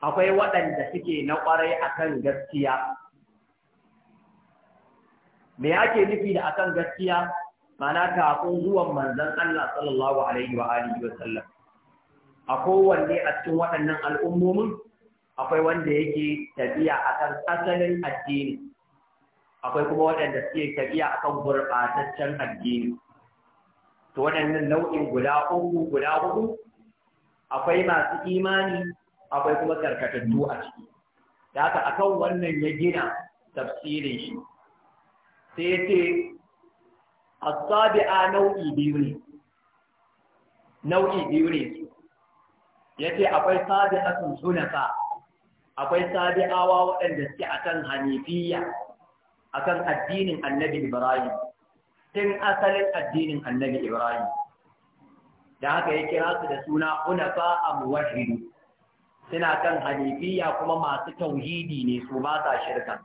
akwai waɗanda suke na ƙwarai akan gaskiya me ake nufi da akan gaskiya mana kafin zuwan manzon Allah sallallahu alaihi wa alihi wa sallam a kowanne a cikin waɗannan al'ummomin akwai wanda yake tafiya akan asalin addini akwai kuma waɗanda suke tafiya akan gurɓataccen addini to waɗannan nau'in guda uku guda hudu akwai masu imani akwai kuma karkatattu a ciki da haka akan wannan ya gina tafsirin shi sai ya ce asabi'a nau'i biyu ne nau'i biyu ne ya ce akwai akwai sabi'awa waɗanda suke akan hanifiya akan addinin annabi ibrahim tun asalin addinin annabi ibrahim da haka ya kira su da suna unafa amwahidu suna kan hanifiya kuma masu tauhidi ne su ba sa shirka.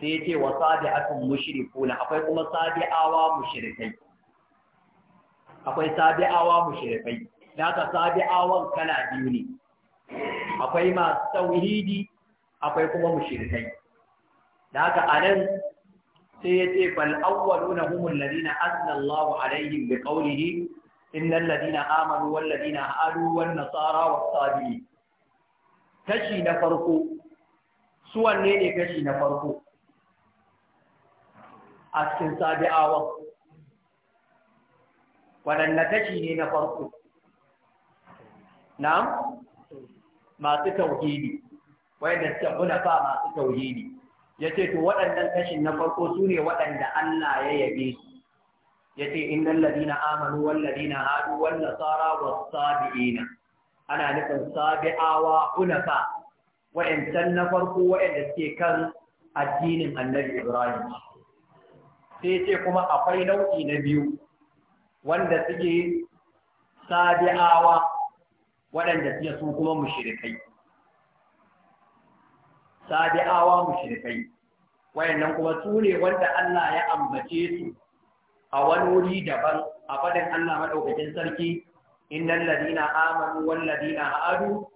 sai ya ce wa sabi'atun mushrikuna akwai kuma sabi'awa mushrikai akwai sabi'awa mushrikai da ka sabi'awan kala biyu ne akwai masu tauhidi akwai kuma mushrikai da haka anan sai ya ce bal fal awwaluna humul ladina asna Allahu alaihim bi qawlihi innal ladina amanu wal ladina hadu wan nasara was sabiin kashi na farko su wanne ne kashi na farko a cikin sabi'awa waɗanda tashi ne na farko na masu tauhidi wanda suka kuna fa masu tauhidi Ya ce to waɗannan tashin na farko su ne waɗanda Allah ya yabe su Ya yace innal ladina amanu wal ladina hadu wan nasara was sabiina ana nufin sabi'awa fa wa'ancan na farko wa'anda suke kan addinin Annabi Ibrahim sai ce kuma akwai nau'i na biyu wanda suke sabi'awa waɗanda suke su kuma mushrikai sabi'awa shirikai. wayannan kuma su ne wanda Allah ya ambace su a wani wuri daban a faɗin Allah maɗaukakin sarki innal ladina amanu wal ladina hadu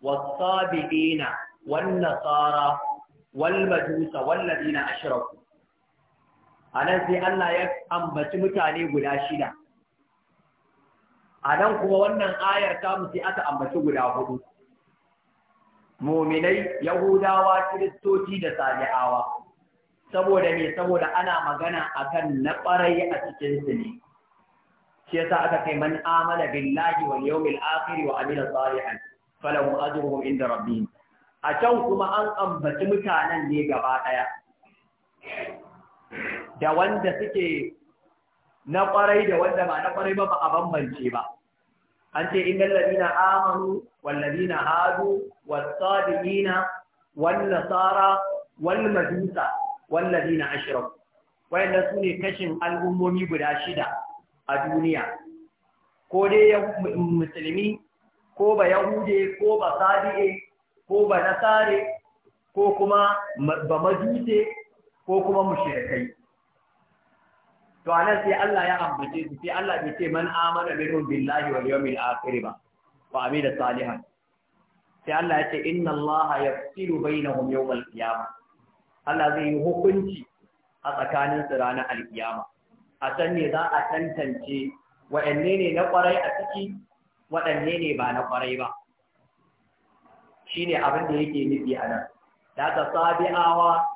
was sabiina wan nasara wal majusa wal ladina ashraku a nan sai Allah ya ambaci mutane guda shida a nan kuma wannan ayar tamu sai aka ambaci guda hudu muminai yahudawa kiristoci da sabi'awa saboda ne saboda ana magana akan na ƙwarai a cikin su ne shi yasa aka kai man amala billahi wal yawmil akhir wa amila salihan falahu ajruhum inda rabbihim a can kuma an ambaci mutanen ne gaba ɗaya da wanda suke na kwarai da wanda ba na kwarai ba ba a bambance ba an ce Inga ladina amanu wal ladina hadu was na wan nasara wal majusa wal ladina ashraku su sune kashin al'ummomi guda shida a duniya ko dai musulmi ko ba yahude ko ba Sadi’e, ko ba nasare ko kuma ba majuse ko kuma mushrikai to anan sai Allah ya ambace su sai Allah bai ce man amana minhum billahi wal yawmil akhir ba wa amila salihan sai Allah ya ce inna Allah yafsilu bainahum yawmal qiyamah Allah zai yi hukunci a tsakanin su ranar alkiyama a san ne za a tantance waɗanne ne na kwarai a ciki waɗanne ne ba na kwarai ba shi ne abin da yake nufi a nan da ta sabi'awa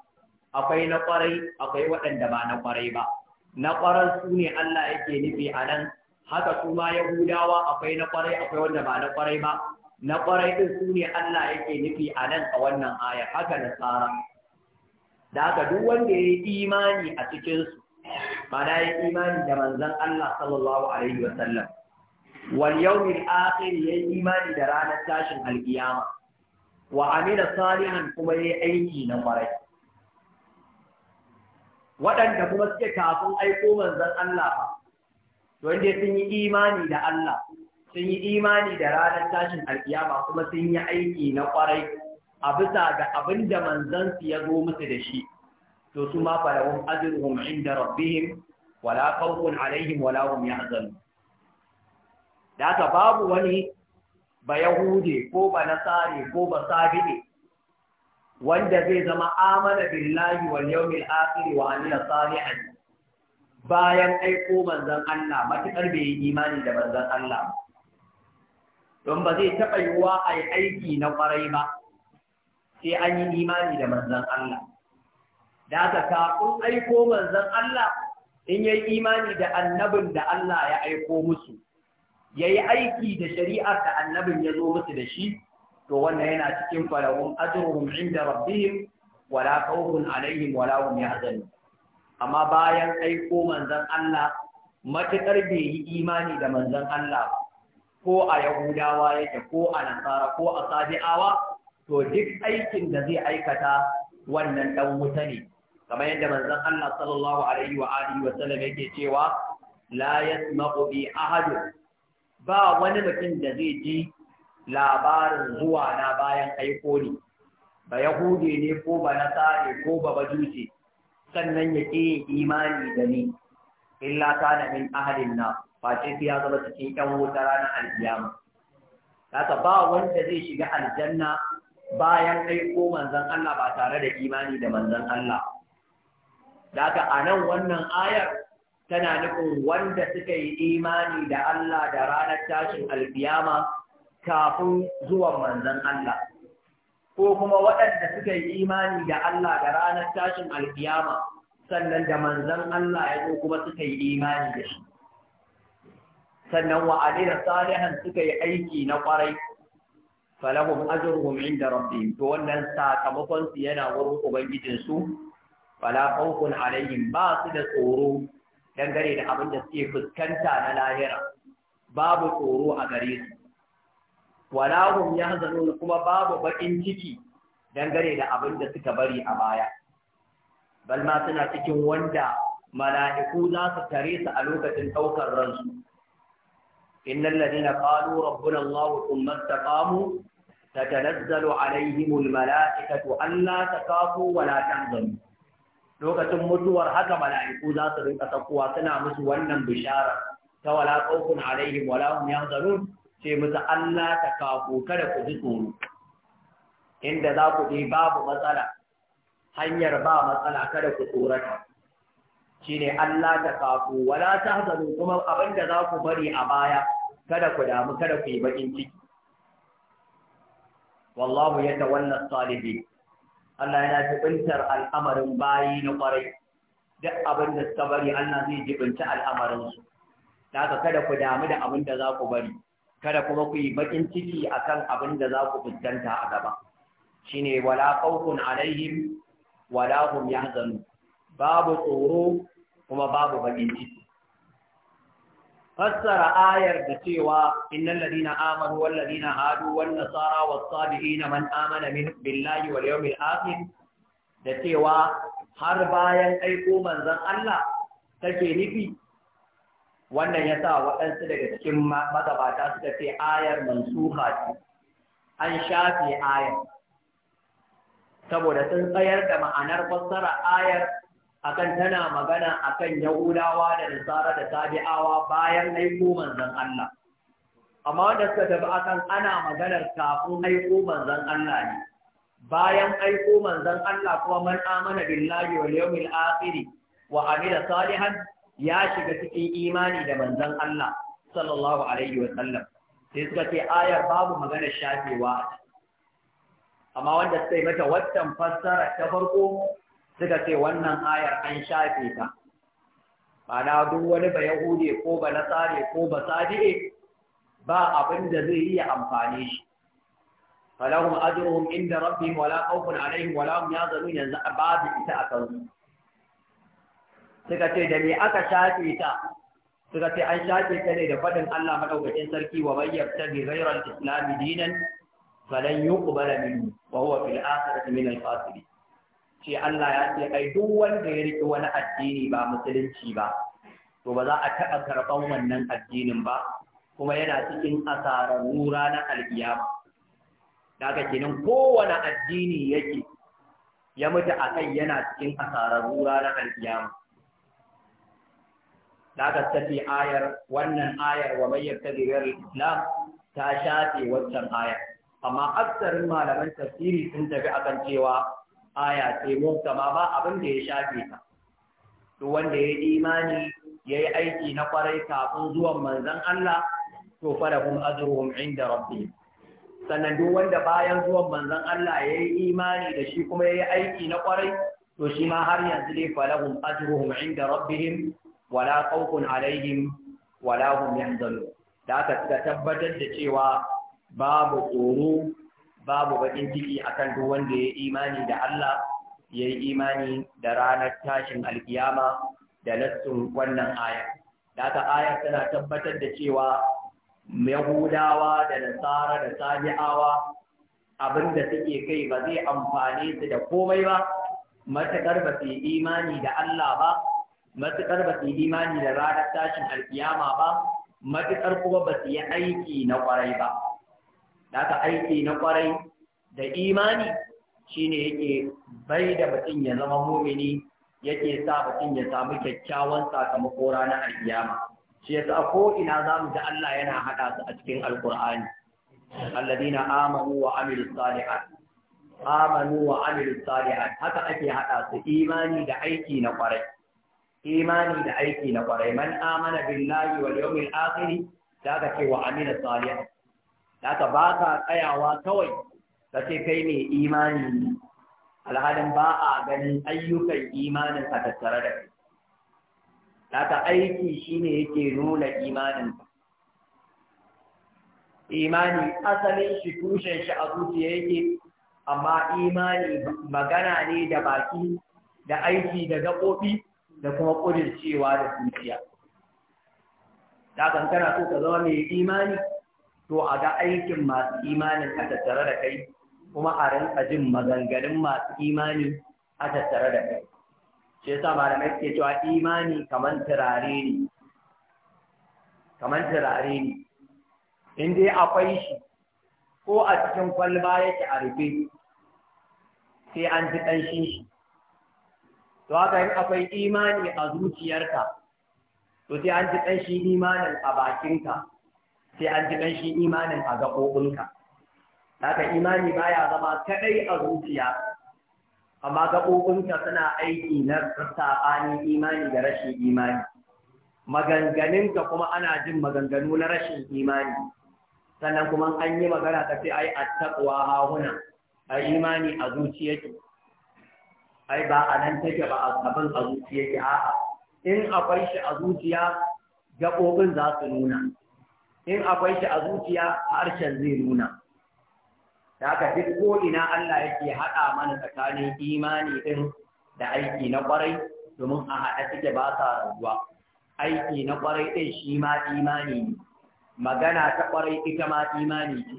akwai na kwarai akwai waɗanda ba na kwarai ba na kwarar su ne Allah yake nufi a nan haka su ma yahudawa akwai na kwarai akwai wanda ba na kwarai ba na kwarai din su ne Allah yake nufi a nan a wannan aya haka na tsara da haka duk wanda ya yi imani a cikinsu mana ya yi imani da manzan Allah sallallahu alaihi wa sallam wal yawmil akhir ya yi imani da ranar tashin alkiyama wa Amina salihan kuma ya yi aiki na kwarai waɗanda kuma suke kafin aiko manzan Allah ba wanda sun yi imani da Allah sun yi imani da ranar tashin alkiyama kuma sun yi aiki na kwarai a bisa ga abin da manzansu ya zo musu da shi to su ma falahum ajruhum inda rabbihim wala khawfun alaihim wala hum zanu. da haka babu wani ba yahude ko ba Nasari ko ba sabi'e wanda zai zama amana billahi wal yawmil akhir wa amila salihan bayan aiko manzon Allah matakar bai yi imani da manzon Allah don ba zai taɓa yiwuwa a yi aiki na ƙwarai ba sai an yi imani da manzon Allah da aka kafin aiko manzon Allah in yi imani da annabin da Allah ya aiko musu ya yi aiki da shari'ar da annabin ya zo musu da shi to wannan yana cikin falahum ajruhum inda rabbihim wala khawfun alaihim wala hum yahzanun amma bayan aiko manzon Allah matuƙar bai yi imani da manzon Allah ko a Yahudawa yake ko a Nasara ko a Sadi'awa to duk aikin da zai aikata wannan dan wuta ne kamar yadda manzon Allah sallallahu alaihi wa alihi wa sallam yake cewa la yasma'u bi ahad ba wani mutum da zai ji labarin zuwa na bayan aiko ne ba Yahudi ne ko ba na tsari ko ba ba juce, sannan ya ƙi imani da ni illa kana min ahalin na face ya zama cikin ƴan wuta ranar alkiyama ta ba wanda zai shiga aljanna bayan aiko manzan Allah ba tare da imani da manzan Allah. Daga a nan wannan ayar tana nufin wanda suka yi imani da Allah da ranar tashin alkiyama kafin zuwan manzan Allah ko kuma waɗanda suka yi imani da Allah da ranar tashin alkiyama sannan da manzan Allah ya zo kuma suka yi imani da shi sannan wa da salihan suka yi aiki na kwarai falahum ajruhum inda rabbi to wannan sakamakonsu yana wurin ubangijin su fala khawfun ba su da tsoro dangane da abin da suke fuskanta na lahira babu tsoro a gare su walahum hum yahzanun kuma babu bakin ciki dangare da abin da suka bari a baya Balma suna cikin wanda mala'iku za su tare su a lokacin ɗaukar ransu innal ladina qalu rabbuna allah thumma istaqamu tatanazzalu alaihim al mala'ikatu alla takafu wa la tahzanu lokacin mutuwar haka mala'iku za su rinka sakuwa suna musu wannan bishara ta wala khawfun alaihim wala hum yahzanun ce musu Allah ta kafu kada ku ji tsoro inda za ku bi babu matsala hanyar ba matsala kada ku tsorata shine Allah ta kafu wala ta hazanu kuma abinda za ku bari a baya kada ku damu kada ku yi bakin ciki wallahu yatawalla salihin Allah yana jibintar al'amarin bayi na kwarai duk abin da suka bari Allah zai jibinci al'amarinsu. Da kada ku damu da abin da za ku bari, kada kuma ku yi bakin ciki akan abin da za ku fuskanta a gaba shine wala khawfun alaihim wala hum babu tsoro kuma babu bakin ciki fassara ayar da cewa innal ladina amanu wal ladina hadu wan nasara was sabiin man amana min billahi wal yawmil akhir da cewa har bayan aiko manzon Allah take nufi wannan ya sa waɗansu daga cikin magabata suka ce ayar mansuha ce an shafe ayar saboda sun tsayar da ma'anar fassara ayar akan tana magana akan yahudawa da nasara da tabi'awa bayan aiko manzon Allah amma wanda suka tafi akan ana maganar kafin aiko manzon Allah ne bayan aiko manzon Allah kuma man amana billahi wal yawmil akhir wa amila salihan ya shiga cikin imani da manzon Allah sallallahu alaihi wa sai suka ce ayar babu magana shafewa amma wanda suka yi mata watan fassara ta farko suka ce wannan ayar an shafe ta Bana duk wani ba yahude ko ba nasare ko ba sadi'e ba abin da zai iya amfani shi falahum ajruhum inda rabbihim wala khawfun alaihim wala hum yahzanun yanzu babu ita a kansu suka ce da me aka shafe ta suka ce an shafe ta ne da faɗin Allah madaukakin sarki wa bayyabta bi ghayral islami dinan falan yuqbala minhu wa huwa fil akhirati min al fasiqin Allah ya ce ai duk wanda ya riki wani addini ba musulunci ba to ba za a taɓa karɓan wannan addinin ba kuma yana cikin asararru na alkiyama daga kenan kowane addini yake ya mutu a kai yana cikin asararru na alkiyama da aka tafi ayar wannan ayar wa mai yarta islam ta shafe waccan ayar amma aksarin malaman tafsiri sun tafi akan cewa aya ce muhtama ba abin da ya shafe ta duk wanda ya yi imani ya yi aiki na kwarai kafin zuwan manzon Allah to falahum ajruhum inda rabbihim sannan duk wanda bayan zuwan manzon Allah ya yi imani da shi kuma ya yi aiki na kwarai to shi ma har yanzu dai falahum ajruhum inda rabbihim wala khawfun alaihim wala hum yahzanun da aka tabbatar da cewa babu tsoro babu bakin ciki akan duk wanda ya imani da Allah ya yi imani da ranar tashin alkiyama da nassun wannan aya da aka aya tana tabbatar da cewa yahudawa da nasara da sabi'awa abinda suke kai ba zai amfane su da komai ba matakar ba su yi imani da Allah ba matuƙar ba su yi imani da ranar tashin alkiyama ba matuƙar kuma ba su yi aiki na ƙwarai ba da aka aiki na ƙwarai da imani shine yake bai da mutum ya zama mumini yake sa mutum ya samu kyakkyawan sakamako ranar alkiyama shi yasa a ina za mu ji Allah yana haɗa su a cikin alkur'ani alladina amanu wa amilu salihat amanu wa amilu salihat haka ake haɗa su imani da aiki na ƙwarai imani da aiki na kwarai man amana billahi wal yawmil akhir da ka ce wa amina salihan da ka ba ka tsayawa kawai ka ce kai ne imani alhalin ba a ganin ayyukan imanin ka tattare da kai da ka aiki shine yake nuna imanin imani asalin shi tushen shi a zuciya yake amma imani magana ne da baki da aiki da gaɓoɓi da kuma cewa da zuciya da kan kana so ka zama mai imani to a ga aikin masu imanin a tattare da kai kuma a rinka jin maganganun masu imani a tattare da kai shi yasa malamai ke cewa imani kamar turare ne kamar turare ne in dai akwai shi ko a cikin kwalba yake a rufe sai an ji ƙanshin shi to haka in akwai imani a zuciyarka to sai an ji shi imanin a bakinka sai an ji shi imanin a gaɓoɓinka haka imani baya zama kaɗai a zuciya amma gaɓoɓinka suna aiki na saɓanin imani da rashin imani maganganunka kuma ana jin maganganu na rashin imani sannan kuma an yi magana ka sai ai a taɓuwa hahuna a imani a zuciyarki ai ba a nan take ba a abin a zuciya ke a'a in akwai shi a zuciya gaɓoɓin za su nuna in akwai shi a zuciya harshen zai nuna da ka duk ko ina Allah yake haɗa mana tsakanin imani ɗin da aiki na ƙwarai domin a haɗa suke ba sa rabuwa aiki na ƙwarai ɗin shi ma imani ne magana ta ƙwarai ita ma imani ce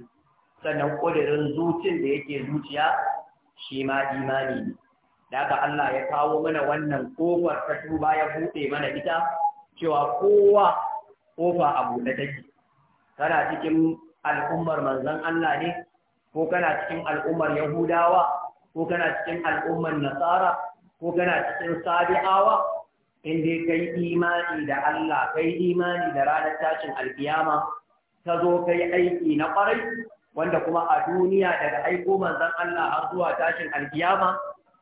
sannan ƙudurin zucin da yake zuciya shi ma imani ne da Allah ya kawo mana wannan kofar ta tuba ya buɗe mana ita cewa kowa kofa a buɗe take kana cikin al'ummar manzon Allah ne ko kana cikin al'ummar Yahudawa ko kana cikin al'ummar Nasara ko kana cikin Sabi'awa in dai kai imani da Allah kai imani da ranar tashin alkiyama ta zo kai aiki na ƙwarai wanda kuma a duniya daga aiko manzon Allah har zuwa tashin alkiyama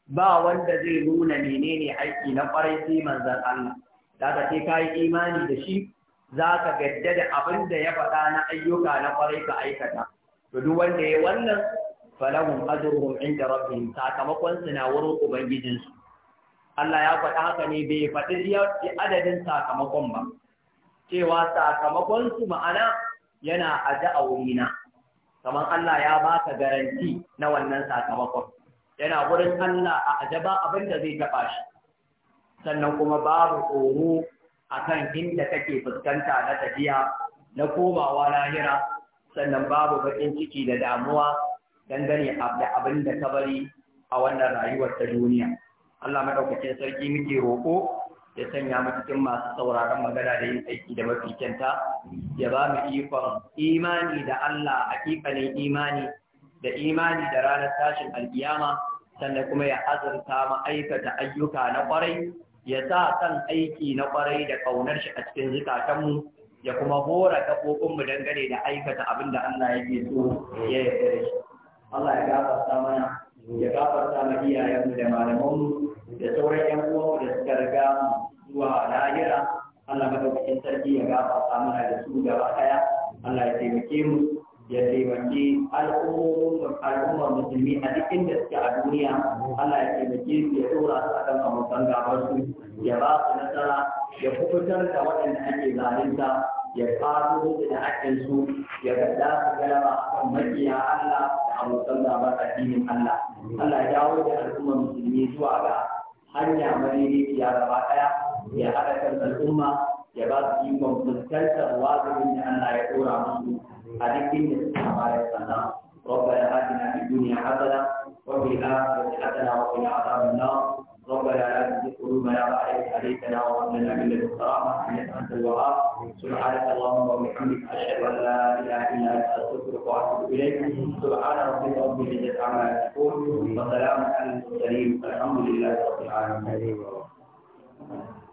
ba wanda zai nuna menene aiki na kwarai sai manzan Allah da ka ce kai imani da shi za ka gadda da abin da ya faɗa na ayyuka na kwarai ka aikata to duk wanda ya yi wannan falahum ajruhum inda rabbihim sakamakon su na wurin ubangijinsu Allah ya faɗa haka ne bai faɗi adadin sakamakon ba cewa sakamakonsu ma'ana yana a ja'awuni wurina kamar Allah ya baka garanti na wannan sakamakon yana wurin Allah a ajaba abin da zai taɓa shi sannan kuma babu tsoro akan inda kake fuskanta na tafiya na komawa lahira sannan babu baƙin ciki da damuwa dangane da abin da ka bari a wannan rayuwar ta duniya Allah madaukakin sarki muke roƙo ya sanya mu cikin masu sauraron magana da yin aiki da mafi kyanta ya ba mu ikon imani da Allah hakikanin imani da imani da ranar tashin alkiyama sannan kuma ya azurta ma'aikata ayyuka na kwarai ya sa san aiki na kwarai da kaunar shi a cikin zukatanmu ya kuma hora gaɓoɓinmu dangane da aikata abin da Allah yake so ya yi shi. Allah ya gafarta mana ya gafarta ma iyayenmu da malamanmu da sauran ƴan uwanmu da suka riga zuwa lahira Allah madaukakin sarki ya gafarta mana da su gaba ɗaya Allah ya taimake mu ya taimaki al'ummar musulmi a duk inda suke a duniya Allah ya taimake su ya dora su akan abokan gabar su ya ba su nasara ya kubutar da waɗanda ake zalunta ya faru su da haƙƙin su ya gadda su galaba akan makiya Allah da abokan gabar addinin Allah Allah ya dawo da al'ummar musulmi zuwa ga hanya madaidaiciya gaba ɗaya ya haɗa kan al'umma ya ba su dia fuskantar wazibin da Allah ya ɗora musu هذه كلمة على السلام ربنا آتنا في الدنيا حسنة وفي الآخرة حسنة وقنا عذاب النار ربنا لا تزغ قلوبنا بعد إذ هديتنا وهب لنا من لدنك رحمة إنك أنت الوهاب سبحانك اللهم وبحمدك أشهد أن لا إله إلا أنت أستغفرك وأتوب إليك سبحان ربك رب العزة عما يصفون وسلام على المرسلين الحمد لله رب العالمين